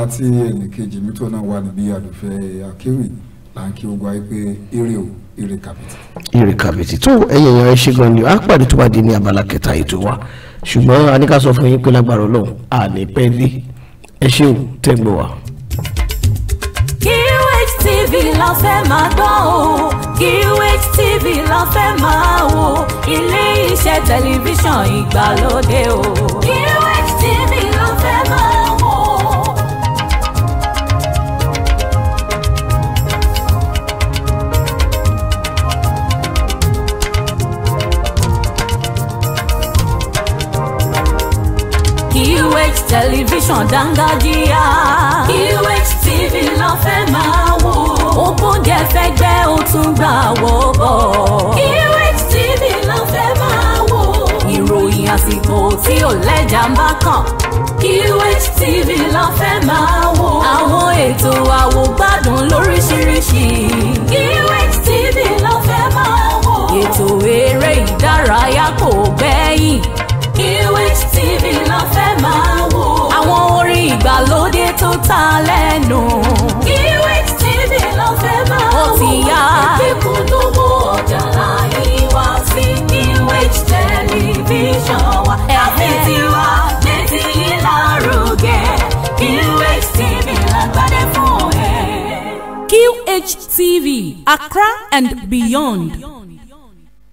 àti ẹnìkejì mi tó náà wà níbí àlùfẹ́ akéwì là ń kí ogun ayé pé eré o eré kàbìtì. eré kàbìtì tó ẹ̀yẹ̀ yẹn ṣe gan ni a tó bá dé ní abala kẹta ètò wa ṣùgbọ́n a fún yín pé lágbára Ọlọ́run à pẹ́ẹ́lí ẹ ṣé o tẹ́ ń gbọ́ wa. TV la fẹ́ máa gbọ́ o QH TV la fẹ́ máa wo ilé iṣẹ́ tẹlifíṣàn ìgbàlódé o QH TV tẹlifíṣàn dáńgájíá QHTV ló fẹ́ máa wò ògbóǹjẹ fẹ́gbẹ́ ó tún gbà wọ́ bọ̀ QHTV e ló fẹ́ máa wò ìròyìn àsìkò tí ò lẹ́jà ń bá kàn QHTV e ló fẹ́ máa wò àwọn ètò àwògbádùn lóríṣiríṣi QHTV e ló fẹ́ máa wò ètò eré ìdárayá kò gbẹ́yìn QHTV ló fẹ́ ìgbàlódé tó ta lẹ́nu. QH TV ló fẹ́ máa wò ó ti yá. kíkún tó mú ọjà láyé wá sí QH tẹlifíṣàn wa. àti tiwa létí yìí lárugẹ QH TV lágbádẹ fún ẹ. QH TV Accra and beyond.